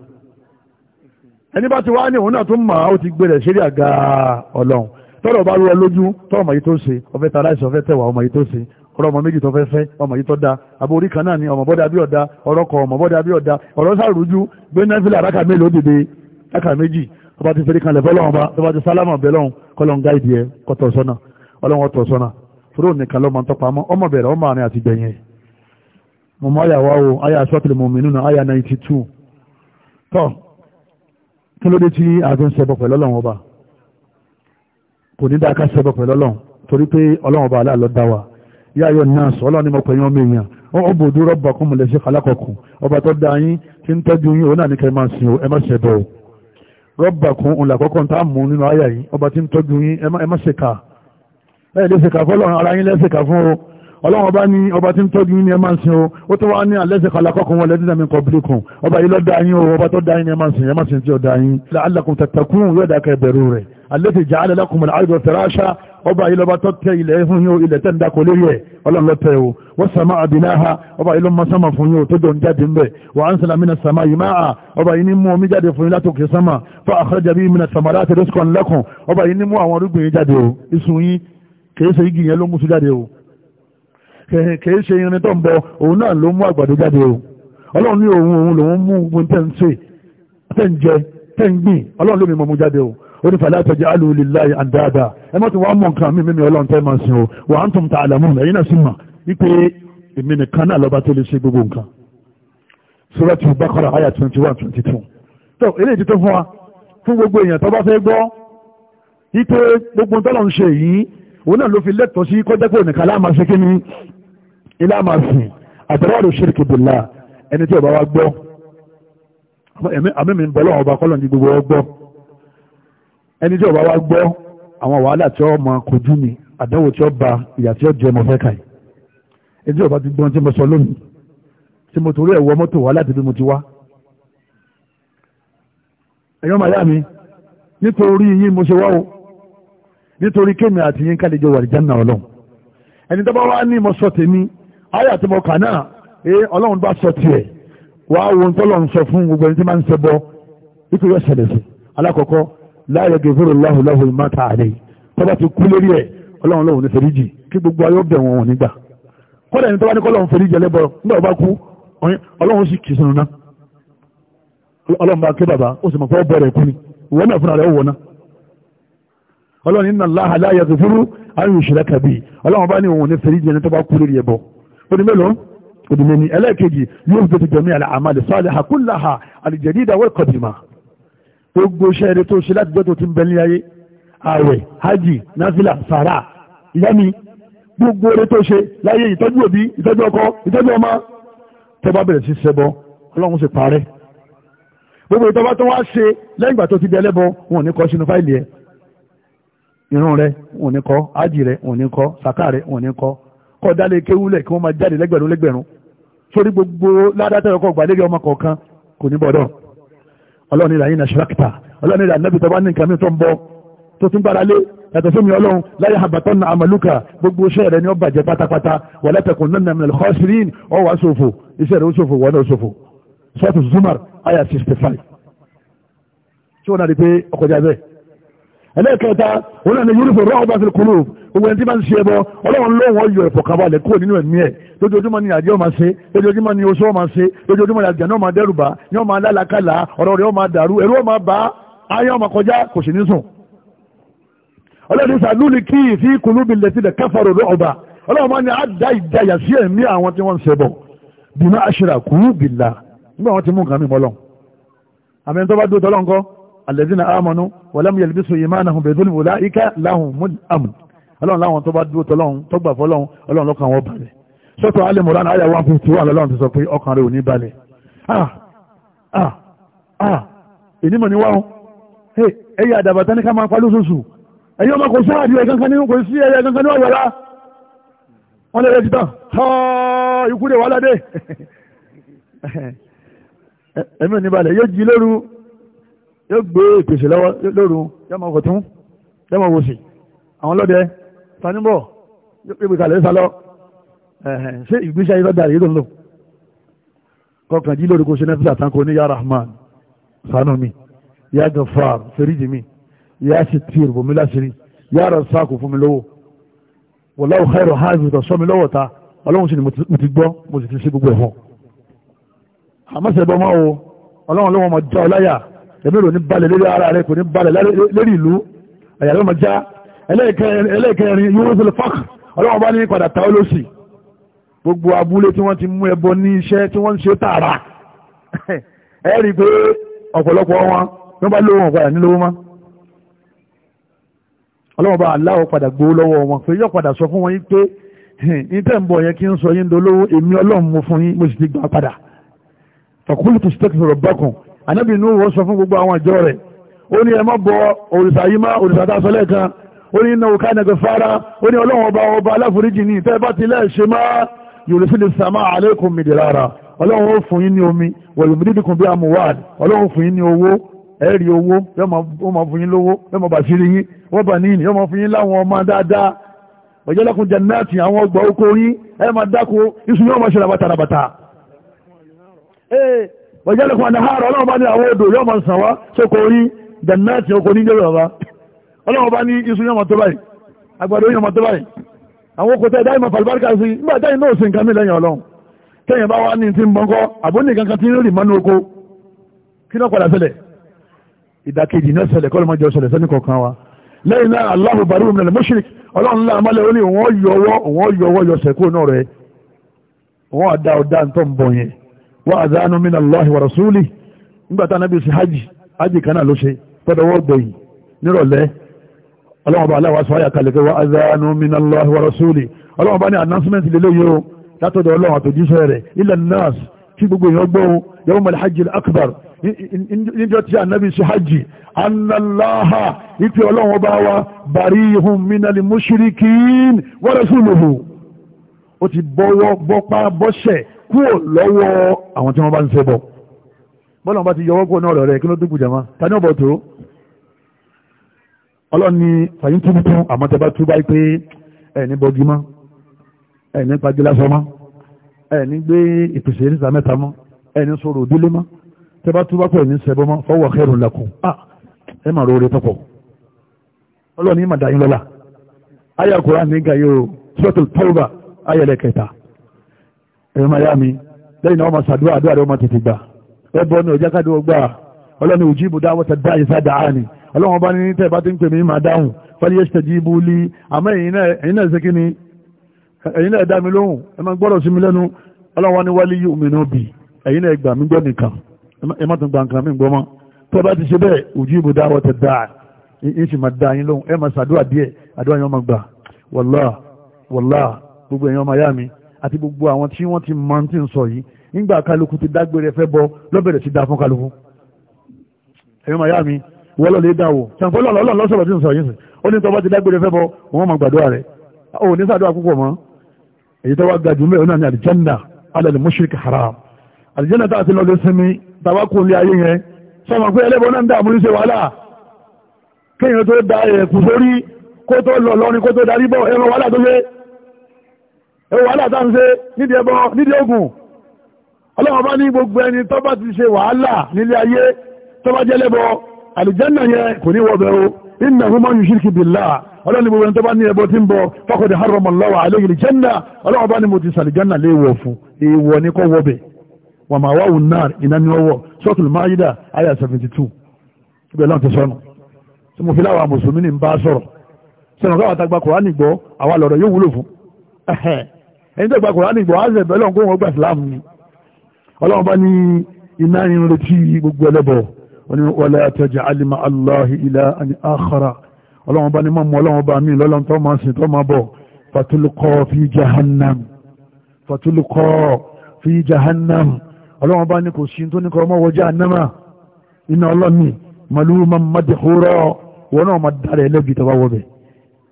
ẹni bá ti wá ní òun náà tó mà ó ti gbẹ̀rẹ̀ ṣeré àga ọlọ́run tọ́rọ̀ bá rúra lójú tọ́rọ̀ mọ̀ yìí tó ṣe ọfẹ́ tara ìṣọ́ fẹ́ tẹ̀wà ọmọ yìí tó ṣe ọ̀rọ̀ ọmọ méjì tó fẹ́ fẹ́ ọmọ yìí tó da àbò orí kan náà ni ọmọ bọ́dà bí ọ̀dà ọ̀rọ̀ kọ ọmọ bọ́dà bí ọ̀dà ọ̀rọ̀ sàrújú gbé náfìlà àràkà mélòó dìde àràkà méjì tó bá ti fẹ́rí kan lẹ̀ fọ́lọ́wọ́n bá tó bá ti sálámà bẹ́lọ́wọ́n kọ́lọ́n gáìdì ẹ kọ́tọ̀ sọ́nà ọlọ́wọ́n tọ̀ sọ́nà fúró nìkan lọ́mọ tó pamọ́ ọmọ bẹ̀rẹ̀ ọmọ àárín àti gbẹ̀yìn mo mọ àyàwó o àyà sọ́tìlì mùmínúnà àyà ninety two tọ́ kí ló dé tí a fi ń ṣẹbọ pẹ̀lú ọlọ́run ọba kò ní dáa ká ṣẹbọ pẹ̀lú ọlọ́run torí pé ọlọ́run ọba aláàlọ́ dá wa yá ayọ̀ náà sọ ọlọ́run ni mo pẹ̀yìn ọmọ èèyàn ó bò dúró bọ̀ kún mọ̀lẹ́sí alákọ̀ọ̀kùn ọba tó da yín tí ń tọ́jú yín òun náà ní kẹ́ máa sìn ẹ má ṣẹbọ o rọ́bà kún òun làkọ́kọ́ ń tá mú nínú àyà yìí ọba tí ń tọ́jú yín ẹ má ṣèkà bẹ́ẹ̀ lè ṣèkà fún ọlọ́run ara yín lẹ́ṣèkà fún o ọlọ́run ọba ní ọba tí ń tọ́jú yín ni ẹ máa ń sin o ó tó wá ní alẹ́ṣẹ̀kà lákọ́kọ́ wọn lẹ́dínà mi kọ̀bílì kan ọba yìí lọ́dá yín o ọba tó dá yín ni ẹ máa ń sin tí ó dá yín alákùn tàtàkùn yóò dá ká ẹbẹ̀rù rẹ̀ alẹ́ṣẹ̀ jà alẹ́lákùn mọ̀lá àìdọ̀ tẹ̀ráṣà ọba yìí lọ́ba tó tẹ ilẹ̀ fún yín o ilẹ̀ tẹ̀ ń dákọ̀ lórí ẹ̀ ọlọ́run ló tẹ o wọ́n sàmà àbínáha ọba yìí ló mọ sàmà fún yín o tó jọ ń jáde ń bẹ̀ wọ́n á ń sàmà mìíràn sàmà yìí máa ọba yìí ní mú omi jáde fún yín látòkè sàmà fún àkàrà jàbí mìíràn sàmà láti rẹ́sìkọ̀ọ́nù ọba yìí ní mú àwọn arúgbìn yín jáde o ìsùn yín kìí ṣe igi yẹn ló mú sí jáde o kìí ṣe irin tó ń bọ òun náà ló mú àgbàdo jáde o ọlọ́run ní òun òun lòun mú ogun tẹ́ ń ṣe tẹ́ ń jẹ tẹ́ ń gbìn ọlọ́run ló mi mọ̀ mú jáde o ó ní fàlẹ́ àtẹ̀jẹ́ alùlíláì àdáadáa ẹ mọ́ ti wá mọ̀ nǹkan mi ọlọ́run tẹ́ máa sìn o wà á ń tún ta àlàmú ẹ̀yin náà sì mà wípé èmi nìkan náà lọ́ba tó lè ṣe gbogbo nǹkan Suratu Baqara àyà twenty one twenty two tó eléyìí ti tó fún wa fún gbogbo èèyàn tó òun náà ló fi lẹ́tọ̀ọ́ sí kọjá pé òníkà láàmà sí kí ni ilé àmà sìn àtàwọn òṣèrèkè bìlà ẹni tí ọba wa gbọ́ àmì mi ń bọ́ lọ́wọ́ ọba kọ́lọ̀ ní gbogbo ọgbọ́ ẹni tí ọba wa gbọ́ àwọn wàhálà tí ó máa kojú ni àdánwò tí ó ba ìyà tí ó jẹ ọmọ fẹ́ kàì ẹni tí ọba ti gbọ́n tí mo sọ lónìí tí mo torí ẹ̀wọ́ mọ́tò wá láti mo ti wá ẹ̀yọ́ màyá mi nítorí yín mo ṣe wá o nítorí kémi àti yín kálíjọ wà ìjánà ọlọ́run ẹni tó bá wá ní mo sọ tèmi ayé àti mo kà náà ọlọ́run bá sọ tiẹ̀ wàá wo ń tọ́lọ̀ ń sọ fún gbogbo ẹni tí máa ń ṣe bọ ikú yóò ṣẹlẹ̀ sí alákọ̀ọ́kọ́ láàyè láhùn láhùn àlẹ́ tó bá ti kú lórí ní fèrèjì kí gbogbo ọlọ́run inna Allaha la yaghfiru an yushraka bihi ọlọ́run bá ní òun ní fèrè jẹ́ ní tó bá kú lórí ẹbọ ó di mélòó ó di mẹ́ni ẹlẹ́ẹ̀kejì yóò fi jami'a al-a'mal as-salihah kullaha al-jadida wal-qadima gbogbo iṣẹ́ rẹ tó ṣe láti jẹ́ tó ti ń bẹ ní ayé ààwẹ̀ hajj nafila sàrà ìyáni gbogbo rẹ tó ṣe láyé ìtọ́jú òbí ìtọ́jú ọkọ ìtọ́jú ọmọ tó bá bẹ̀rẹ̀ sí ṣẹbọ ọlọ́run sì parẹ́ gbogbo ìtọ́ba tó wá ṣe lẹ́yìn ìgbà tó ti di ẹlẹ́bọ wọn ò ní kọ́ sínú fáìlì ẹ̀ irun rẹ òun ní kọ́ ájì rẹ òun ní kọ́ sàká rẹ òun ní kọ́ kọ́ dálé kéwúlẹ̀ kí wọ́n máa jáde lẹ́gbẹ̀rún lẹ́gbẹ̀rún sórí gbogbo ládàtọ̀ ọkọ̀ gbàlẹ́gẹ̀ ọmọ kọ̀ọ̀kan kò ní bọ́dọ̀ ọlọ́run ìlànà iná ṣíráàkìtà ọlọ́run ìlànà nàbìtà wà ní nǹkan mi tó ń bọ̀ tó tún gbára lé yàtọ̀ sómi ọlọ́run láyé àbàtọ́ na àmàlùkà gbogbo iṣẹ́ rẹ ni ó bàjẹ́ pátápátá wà látẹ̀kùn náà nàmìnà lọ́sìrín ọwà ṣòfò iṣẹ́ rẹ ó ṣòfò wọ́n náà ṣòfò sọ́ọ̀tù zumar aya 65 tí wọ́n náà rí pé ọkọjá bẹ́ẹ̀ ẹlẹ́ẹ̀kẹta òun náà ni yúrífò rọ́ọ̀bá fi kúrò gbogbo ẹni tí máa ń ṣe ẹbọ ọlọ́run lóun ọyọ ìfọ̀kàbalẹ̀ kúrò nínú ẹ̀mí ẹ̀ lójoojúmọ́ ni àjẹ́ ọmọ ṣe lójoojúmọ́ ni oṣù ọmọ ṣe lójoojúmọ́ ni àjẹ́ náà máa dẹ́rùbà ni ọmọ alálàkàlà ọ̀rọ̀ rẹ̀ ọmọ dàrú ẹ̀rú ọmọ bá ayé ọmọ kọjá kò sì ní sùn. ọlọ́run sàlúlì kí ìfí kùlùbí alladhina amanu wa lam yalbisu imanahum bidhulmin ulaika lahumul amn ọlọ́run láwọn tó bá dúró tọ́lọ́run tó gbà fọ́lọ́run ọlọ́run lọ́kàn wọn balẹ̀ sọ́tọ̀ alẹ́ mọ̀rán àyà 151 lọ́lọ́run ti sọ pé ọkàn rẹ̀ ò ní balẹ̀ ah ah ah ènìmọ̀ ni wáhùn ẹ̀yà àdàbàtà ní ká máa palú sùsù ẹ̀yà ọmọ kò sáà bí ẹ̀kankan ní kò sí ẹ̀yà kankan ní ọ̀yọ̀lá wọ́n lẹ́rẹ̀ títàn ha ikú rẹ̀ wà ládé ẹ̀mí ò ní balẹ̀ yóò jí lóru yóò gbé ìpèsè lọ́wọ́ lóru yọmọ ọkọ̀tún yọmọ òwòsì àwọn ọlọ́dẹ tanimọ̀ yóò gbé kalẹ̀ sálọ ṣé ìgbésẹ̀ ayé lọ́dà yìí ló ń lò kọkàn jí lóru kó ṣe nẹ́fíṣà tán kó ní ya rahman ṣàánú mi ya gafar fèrèjì mi ya sitir bomi lásìrí ya rasaku fún mi lówó wọláwù khairu hafi tó sọ mi lọ́wọ́ ta ọlọ́run sì ni mo ti gbọ́ mo sì ti ṣe gbogbo ẹ̀fọn àmọ́ sẹ́gbọ́n máa wo ọlọ́run lọ́wọ́ máa já ọ láyà ẹ̀mí rò ní balẹ̀ lórí ara rẹ̀ kò ní balẹ̀ lórí ìlú àyà ló ma já ẹlẹ́ẹ̀kẹrin yóò fẹ́lẹ̀ fák ọlọ́wọ́ bá ní padà ta ó lọ́sì gbogbo abúlé tí wọ́n ti mú ẹbọ ní iṣẹ́ tí wọ́n ń ṣe tààrà <laughs> ẹ rí i pé ọ̀pọ̀lọpọ̀ wọn ló bá lówó wọn padà nílówó mọ́ ọlọ́wọ́ bá aláwọ̀ padà gbowó lọ́wọ́ wọn pé yóò padà sọ fún wọn yín pé ìtẹ̀ ń bọ̀ yẹn kí ń sọ yín dolówó èmi ọlọ́run mo fún yín mo sì ti gbà padà fàkúlù tó sì tẹ́kì anábì inú wọ́n sọ fún gbogbo àwọn ìjọ rẹ̀ ó ní ẹ má bọ òrìṣà yìí má òrìṣà tá a sọ lẹ́ẹ̀kan ó ní iná òkà ẹnẹgẹ fara ó ní ọlọ́run ọba ọba aláforíjì ní ìtẹ́ bá ti lẹ́ẹ̀ṣe má yorùsílẹ̀ sàmà àlékún mi dìrara ọlọ́run ó fún yín ní omi wọ̀lùmídìdìkùn bí amuwaad ọlọ́run fún yín ní owó ẹ̀rí owó yóò máa fún yín lówó yóò máa bàṣírí yín wọ́n bà níyìn yóò máa fún yín láwọn ọmọ dáadáa ọjọ́lẹ́kùn jẹ̀nẹ́ẹ̀tì àwọn ọgbà oko yín ẹ máa dáko iṣu yóò máa ṣe rabata rabata wọ̀jẹ́lẹ̀kùn àdáhàrọ̀ ọlọ́run bá ní àwọn odò yọ́ ma sàn wá sókò orí jannati oko ní jẹ́rọ bàbá ọlọ́run bá ní iṣu yọ́ ma tó báyìí àgbàdo yọ́ ma tó báyìí àwọn okòtò ẹ̀dá ìmọ̀ fàlùbáríkà sí nígbà táyì náà sì nǹkan mi lẹ́yìn ọlọ́run tẹ́yìn bá wá ní ti ń bọ́ńkọ́ àbó ní kankan tí ń rì mọ́nú oko kí náà padà ṣẹlẹ̀ ìdàkejì náà ṣẹlẹ̀ kọ́lọ́mọ jọ ṣẹlẹ̀ sẹ́ni kọ̀ọ̀kan wa lẹ́yìn náà Allahu bari'un minal mushrik ọlọ́run náà amálẹ̀ ó ní òun yọwọ́ òun yọwọ́ yọsẹ̀ kó náà rẹ̀ òun àdá ọ̀dá ń tọ́ ń bọ̀ yẹn wa azanu min allahi wa rasuli nígbà tá anábì sí hajj hajj kan náà ló ṣe tọ́dọ̀wọ́ gbẹ̀yìn nírọ̀lẹ́ ọlọ́wọ́n bá aláwọ̀ sọ àyàkálẹ̀ pé wa azanu min allahi wa rasuli ọlọ́wọ́n bá ní announcement lélẹ́yìn o látọ̀dọ̀ ọlọ́wọ́n àtòjíṣẹ́ rẹ̀ ila nas tí gbogbo èèyàn gbọ́ yawm al-hajj akbar níjọ́ tí anábì sí hajj annallaha ipe ọlọ́wọ́n bá wa barihun min al-mushrikin wa rasuluhu ó ti bọ́wọ́ bọ́pá bọ́ṣẹ̀ kúrò lọ́wọ́ àwọn tí wọ́n bá ń ṣe bọ̀ bọ́lá bá ti yọwọ́ kúrò náà rẹ̀ kí ló dúkù jẹ̀mọ́ ta ní ọ̀bọ̀ tó ọlọ́ni fàyín túbú tún àmọ́ tẹ bá tú báyìí pé ẹ̀ní bọ́gí mọ́ ẹ̀ní pàdé lásán mọ́ ẹ̀ní gbé ìpèsè níta mẹ́ta mọ́ ẹ̀ní sọ̀rọ̀ òdílé mọ́ tẹ bá tú bá pẹ̀lú sẹ́bọ́ mọ́ fọwọ́ kẹrùn lakùn ah ẹ mà rọrẹ tọpọ̀ ọlọ́ni mà dá yín lọ́la ayé àkùrá nígbà yóò sọ́tò tọ́wọ́ ayẹlẹ kẹta ẹ̀rọ mayami lẹ́yìn náà wọ́n máa ṣàdúrà àdúrà rẹ̀ wọ́n máa tètè gbà ẹ bọ́ ní ọjà káàdì ọgbà ọlọ́ni òjì ibùdó àwọn tẹ̀ ìsá dà ni ọlọ́run ọba ní tẹ̀ bá ti ń pè mí máa dáhùn fẹ́lẹ́ yẹ́ ṣẹ̀dí ibú lí àmọ́ ẹ̀yin náà ṣe ni ẹ̀yin náà dá mi lóhùn ẹ máa gbọ́dọ̀ sí mi lẹ́nu ọlọ́run wa ní wálé yìí òmìnira bì ẹ̀yin náà gbà mí gbọ́ nìkan ẹ má tún gba nǹkan mí gbọ́ mọ́ tẹ́ bá ti ṣe bẹ́ẹ̀ òjì ibùdó àwọn tẹ̀ dá yín sì máa dá yín lóhùn àti gbogbo àwọn tí wọ́n ti mọ tí ń sọ yìí nígbà kálukú ti dágbére fẹ́ bọ lọ́bẹ̀rẹ̀ sí dá fún kálukú ẹ̀yọ́ màyá mi wọ́n lọ́lẹ̀ dá wò ṣàǹfọ́ lọ́lọ́ lọ́sọ̀rọ̀ tí ń sọ yìí sìn ó ní tọ́ba ti dágbére fẹ́ bọ wọ́n mọ̀ gbàdúrà rẹ̀ ó ní sàdúrà púpọ̀ mọ́ èyí tọ́wọ́ ga jù mẹ́rin náà ni àlìjẹ́ndà alẹ́ mushrik haram àlìjẹ́ndà tá a ti lọ lé sinmi tàbá kún ilé ayé yẹn sọmọ pé ẹlẹ́bọ náà ń dá àmúrí ṣe ẹwọ wàhálà tá ń ṣe nídìí ẹbọ nídìí ogun ọlọ́wọ́n bá ní gbogbo ẹni tó bá ti ṣe wàhálà nílé ayé tó bá jẹ́lẹ́bọ àlùjànnà yẹn kò ní wọ̀bẹ̀ o innahu man yushriku billah ọlọ́ni gbogbo ẹni tó bá ní ẹbọ tí ń bọ faqad harrama Allahu alayhi al-janna bá ní mo ti sàlìjánà lè fún èèwọ̀ ní kọ́ wọ̀bẹ̀ wa ẹni tó gba kùránì gbọ́ àṣẹ bẹ́ẹ̀ lọ́n kó wọn gba ìsìláàmù ni ọlọ́run bá ní iná irun retí gbogbo ẹlẹ́bọ̀ oní wala taj'al ma'a Allahi ilahan akhara ọlọ́run bá ní mọ́ ọlọ́run bá mi lọ́lọ́run tó máa sìn tó máa bọ̀ fatulqa fi jahannam fatulqa fi jahannam ọlọ́run bá ní kò sí tó ní kọ́ ọmọ wọjá anamá iná ọlọ́ni maluman madhura wọn náà máa dára ẹlẹ́bi tó bá wọ bẹ̀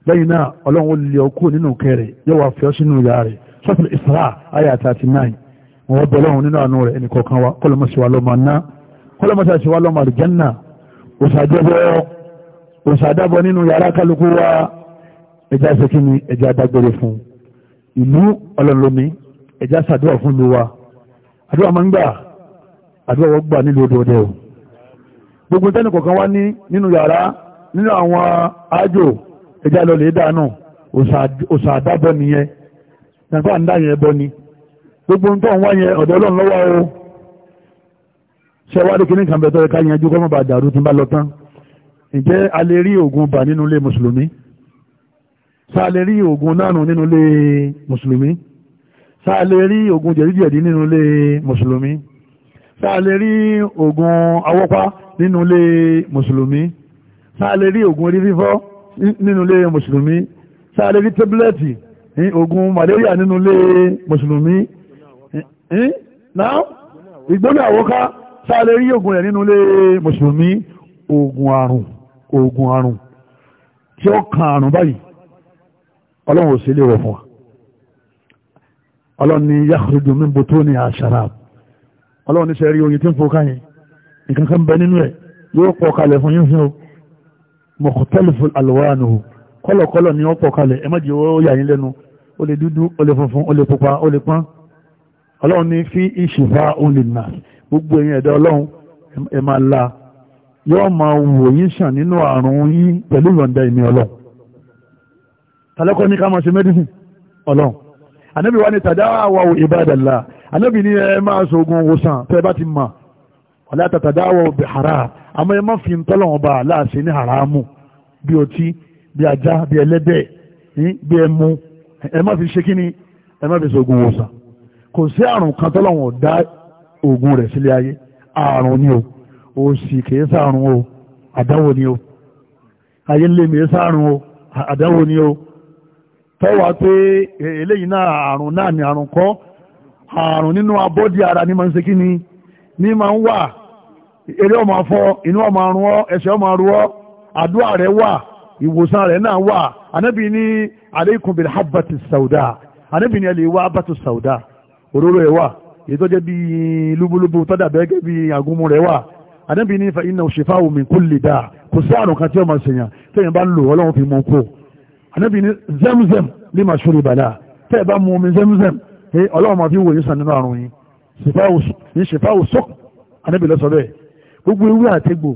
lẹ́yìn náà ọlọ́run ó lè ọkú nínú kẹrẹ̀ yóò wá fi sínú ìyá rẹ̀ sọ́tìlì ìsra àyà thirty nine wọ́n bẹ̀ lọ́hùn nínú àánú rẹ̀ ẹnì kọ̀ọ̀kan wa kọ́lọ́mọ sí wa lọ́mọ ná kọ́lọ́mọ sí wa lọ́mọ àlùjànnà òṣàdábọ̀ nínú yàrá kálukú wa ẹja ṣèkí ni ẹja dágbére fún ìlú ọlọ́lọ́mi ẹja ṣàdúrà fún ìlú wa àdúrà máa ń gbà àdúrà wọ́n gbà nílùú òdòdó o gbogbo tẹ́nì kọ̀ọ̀kan wá ní nínú yàrá nínú àwọn àjò ẹja lọ dànù òṣàdábọ̀ nìyẹn nàfà ń dá yẹn bọ́ ni gbogbo ń tọ́ ń wá yẹn ọ̀dọ̀ ọlọ́run lọ́wọ́ o ṣẹwárí kìíní kan bẹ̀tọ̀ ẹ̀ka yẹn ju kọ́mọ̀ bá dàrú tí ń bá lọ tán ǹjẹ́ a lè rí oògùn bà nínú ilé mùsùlùmí ṣá a lè rí oògùn nánú nínú ilé mùsùlùmí ṣá a jẹ̀díjẹ̀dí nínú ilé mùsùlùmí ṣá a awọ́pá nínú ilé mùsùlùmí ṣá a orí fífọ́ nínú ilé mùsùlùmí ṣá a ogun malaria nínú ilé mùsùlùmí náà ìgbóná àwọ́ká sáàlẹ̀ rí ogun rẹ̀ nínú ilé mùsùlùmí ogun àrùn ogun àrùn tí ó kan àrùn báyìí ọlọ́run ò sí ilé wọ̀ fún wa ọlọ́run ni yakhruju min butuni asharab ọlọ́run ní sẹ́rí oyin tí ń fò káyìn nǹkan kan bẹ nínú ẹ̀ yóò pọ̀ kalẹ̀ fún yín fún mọ̀kọ̀tẹ́lifù alwanuhu kọ́lọ̀kọ́lọ̀ ni ó pọ̀ kalẹ̀ ẹ má ó yà yín lẹ́nu ó lè dúdú ó lè funfun ó lè pupa ó lè pọ́n ọlọ́run ní fi ìṣìfà only nas gbogbo ẹ̀yin ẹ̀dá ọlọ́run ẹ̀ máa la yóò máa wò yín sàn nínú àrùn yín pẹ̀lú ìyọ̀ǹda ìmí ọlọ́run tàlẹ́kọ́ ní ká máa ṣe mẹ́dísìn ọlọ́run ànábì wa ni tàdá àwọ̀ ìbádàlá ànábì ní ẹ máa ṣoògùn òwòsàn tẹ́ bá ti mọ̀ ọ̀lá tàtàdá àwọ̀ bìhárà àmọ́ ẹ má fi ń tọ́lọ̀wọ̀n bá láàṣẹ ní haramu bí ọtí bí ajá bí ẹlẹ́dẹ̀ bí ẹmu ẹ fi ṣe kí ni ẹ má fi ṣoògùn wòsàn kò sí àrùn kan dá rẹ̀ sílé ayé ni o kìí sàrùn o àdáwò ni o ayé ń sàrùn o àdáwò ni o tọ́wà pé e, eléyìí náà àrùn náà ni àrùn kọ́ àrùn nínú abọ́dí ara nima máa ń ṣe kí ni ní máa ń wà eré ọmọ afọ inú ọmọ arun ọ ẹsẹ̀ ọmọ arun ọ àdúrà rẹ wà ìwòsàn rẹ náà wà aleikum bil habati sauda anabi ni ẹ lè wá habatu sauda òróró ẹ wà èyí tó jẹ́ bí lúbúlúbú tó dàbẹ́ gẹ́ bí agúnmu rẹ wà anabi ni fa inna shifaa'u min kulli da kò sí àrùn kan tí ó máa ṣèyàn tẹ́yìn bá ń lò ọlọ́run fi mú kó anabi ni zemzem lima shuriba la tẹ́ẹ̀ bá mu omi zemzem ọlọ́run máa fi wòye sàn nínú àrùn yìí ní ṣèfáwò sọ́kù anábì lọ sọ bẹ́ẹ̀ gbogbo ewé àtẹ́gbò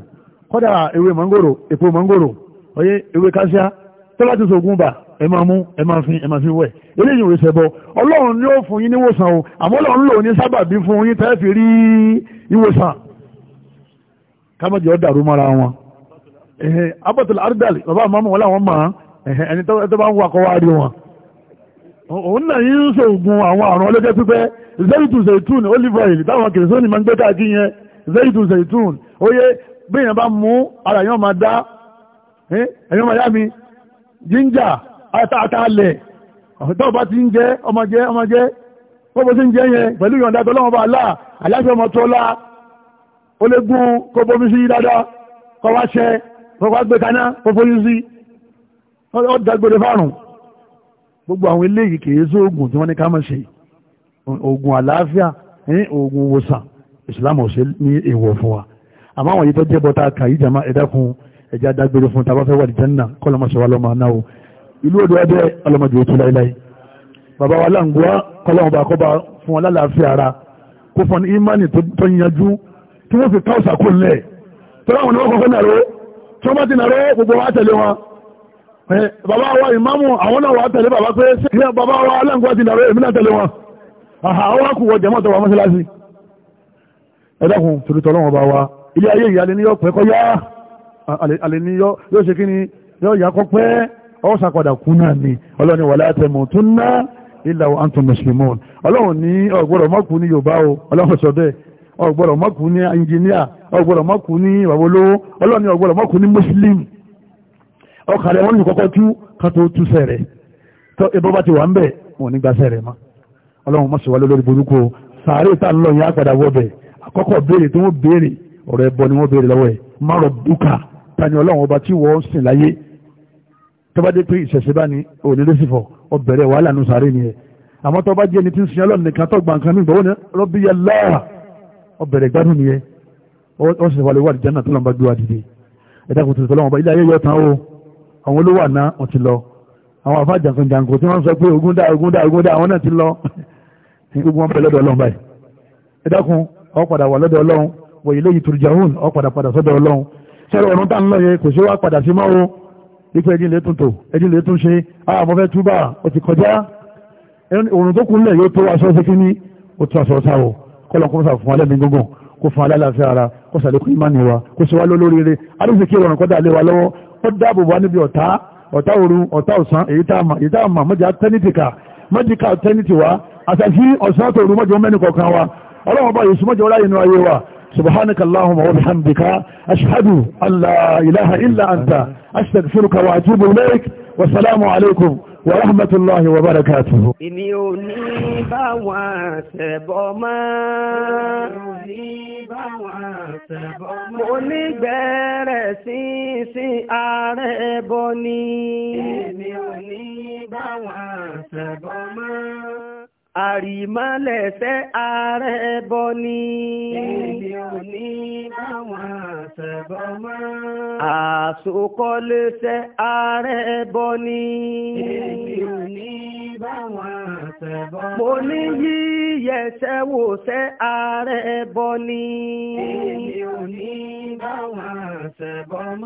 kọ́dà ewé mangoro èpo mangoro ọyẹ ewé káṣíá tó bá ti sọ ògùn bà ẹ máa mú ẹ máa fi ẹ máa fi wẹ̀ eléyìí òwe ṣẹbọ ọlọ́run ni ó fún yín níwòsàn o àmọ́ ọlọ́run lò ní sábàbí fún yín tẹ́ fi rí ìwòsàn kámẹ́jì ọ̀ dàrú mọ́ra wọn abọ́tòlá àrídàlì bàbá àmọ́ wọn làwọn mọ̀ ẹni tó bá ń wakọ̀ wá rí wọn òun náà yín ń ṣòògùn àwọn àrùn ọlọ́jọ́ pípẹ́ zeytu zeytun olive oil táwọn kìrìsìtì máa ń gbé káàkiri yẹn zeytu zeytun ó yẹ bí èèyàn bá mú ara yẹn máa dá ẹ̀yàn máa yá mi ginger àtàlẹ̀ tó bá ti ń jẹ́ ọmọ jẹ́ ọmọ jẹ́ bọ́bá ti ń jẹ́ yẹn pẹ̀lú ìyọ̀ǹda tó lọ́wọ́ bá aláà aláṣẹ ọmọ tó lá ó lé gún kó bomi sí dáadáa kó wá ṣẹ kó wá gbé kaná kó fojú sí ó dágbére fárùn gbogbo àwọn eléyìí kìí sí oògùn tí wọ́n ní ká máa ṣe oògùn àlàáfíà ní oògùn wòsàn Islam ò ní èèwọ̀ fún wa àmọ́ àwọn yìí tó jẹ́ bọ́ta kà yìí jàmá ẹ̀dákun ẹ̀já dágbére fún tàbá wà ní jẹ́nà lọ́mọ náà ìlú òde ọdẹ ọlọ́mọdé ètò láíláí bàbá wa láǹgbá kọlọ́mọba kọba fún wọn lálàáfíà ara kó fún ní ìmánì tó yanjú tí wọ́n fi káwùsà kó lẹ̀ tó láwọn ọmọ kọ́kọ́ nàró tí wọ́n bá ti nàró gbogbo wa tẹ̀lé wọn bàbá wa ìmáàmù àwọn náà wà tẹ̀lé bàbá pé ṣé bàbá wa láǹgbá ti nàró èmi náà tẹ̀lé wọn àhà àwọn akùwọ̀ jẹ̀mọ́ tó wà mọ́ṣáláṣí ẹ dákun torítọ́ ọlọ́wọ́n wa ilé ayé ìyá alẹ́ ní yọ pẹ́ kọ́ yá alẹ́ ní ọ sàpadà kú náà ni ọlọ́ni wala tamutunna illa wa antum muslimun ọlọ́run ní ọgbọ́dọ̀ mọ́kù ní yorùbá o ọlọ́run sọ bẹ́ẹ̀ ọgbọ́dọ̀ mọ́kù ní ẹnjìníà ọgbọ́dọ̀ mọ́kù ní ìwàwó lówó ọlọ́run ọgbọ́dọ̀ mọ́kù ní muslim ọkàlẹ̀ wọn ní kọ́kọ́ tú kátó tú sẹ̀rẹ̀ tó ebó bá ti wà ń bẹ̀ wọn ní gba sẹ̀rẹ̀ mọ́ ọlọ́run mọ̀ sí wa lórí burúkú sàárè tá lọ yẹn àpàdà wọ bẹ̀ àkọ́kọ́ béèrè tó wọ́n béèrè ọ̀rọ̀ ẹ̀bọ ni wọ́n béèrè lọ́wọ́ ẹ̀ má rọ̀ dúkà tani ọlọ́run ọba tí wọ́n sìn láyé tó bá dé pé ìṣẹ̀ṣẹ̀ bá ní òní ló sì fọ̀ ọ bẹ̀rẹ̀ wàhálà nù sáré nìyẹn àmọ́ tó bá jẹ́ ẹni tí ń sin ọlọ́run nìkan tó gba nǹkan nígbà wọn rọ́bí yẹ láà ọ bẹ̀rẹ̀ gbádùn nìyẹn ó sì wà lè wà jẹ́nà tó lọ́n bá gbé wa dìde ẹ̀dá kò tuntun lọ́wọ́ ọba ilé ayé yọ tán o àwọn olówó àná wọn ti lọ àwọn afá jàǹkànjàǹkò tí wọ́n sọ pé ogun dá ogun dá ogun dá àwọn náà ti lọ gbogbo wọn ẹ̀dá kun ọ wípé ẹjí lè tún tò ẹjí lè tún ṣe àmọ́ ah, fẹ́ túbà ó ti kọjá òrùn tó kúnlẹ̀ yóò tó aṣọ ṣe kíní ó tó aṣọ ṣàwọ̀ kọ́lọ̀ kó sà fún alẹ́mí gbọ́ngàn kó fún alálàáfíà ara kó sàlékún ìmánì wa kó ṣe wá lólóríire adúgbò kí ìrọ̀rùn kọ́dà lé wa lọ́wọ́ ó dáàbò wá níbi ọ̀tá ọ̀tá òru ọ̀tá ọ̀sán èyí tá a mà mọ́jà tẹ́nìtìkà mọ́jìká tẹ́nìtì wa àtàkì ọ̀sán àtòrú mọ́jọ mẹ́nìkọ̀ọ̀kan wa ọlọ́run bá yìí súnmọ́jọ láyé inú ayé wa سبحانك اللهم وبحمدك أشهد أن لا إله إلا أنت أستغفرك وأتوب إليك والسلام عليكم ورحمة الله وبركاته àrìmọ́lẹ̀ṣẹ́ ààrẹ bọ́ ní. Èdè òní àwọn àṣẹ̀bọ̀ máa. Àṣokọ́lẹ́ṣẹ́ ààrẹ bọ́ ní. Èdè òní báwọn àṣẹ̀bọ̀ máa. Mo ní yíyẹsẹ́ wòṣẹ́ ààrẹ bọ́ ní. Èdè òní báwọn àṣẹ̀bọ̀ máa.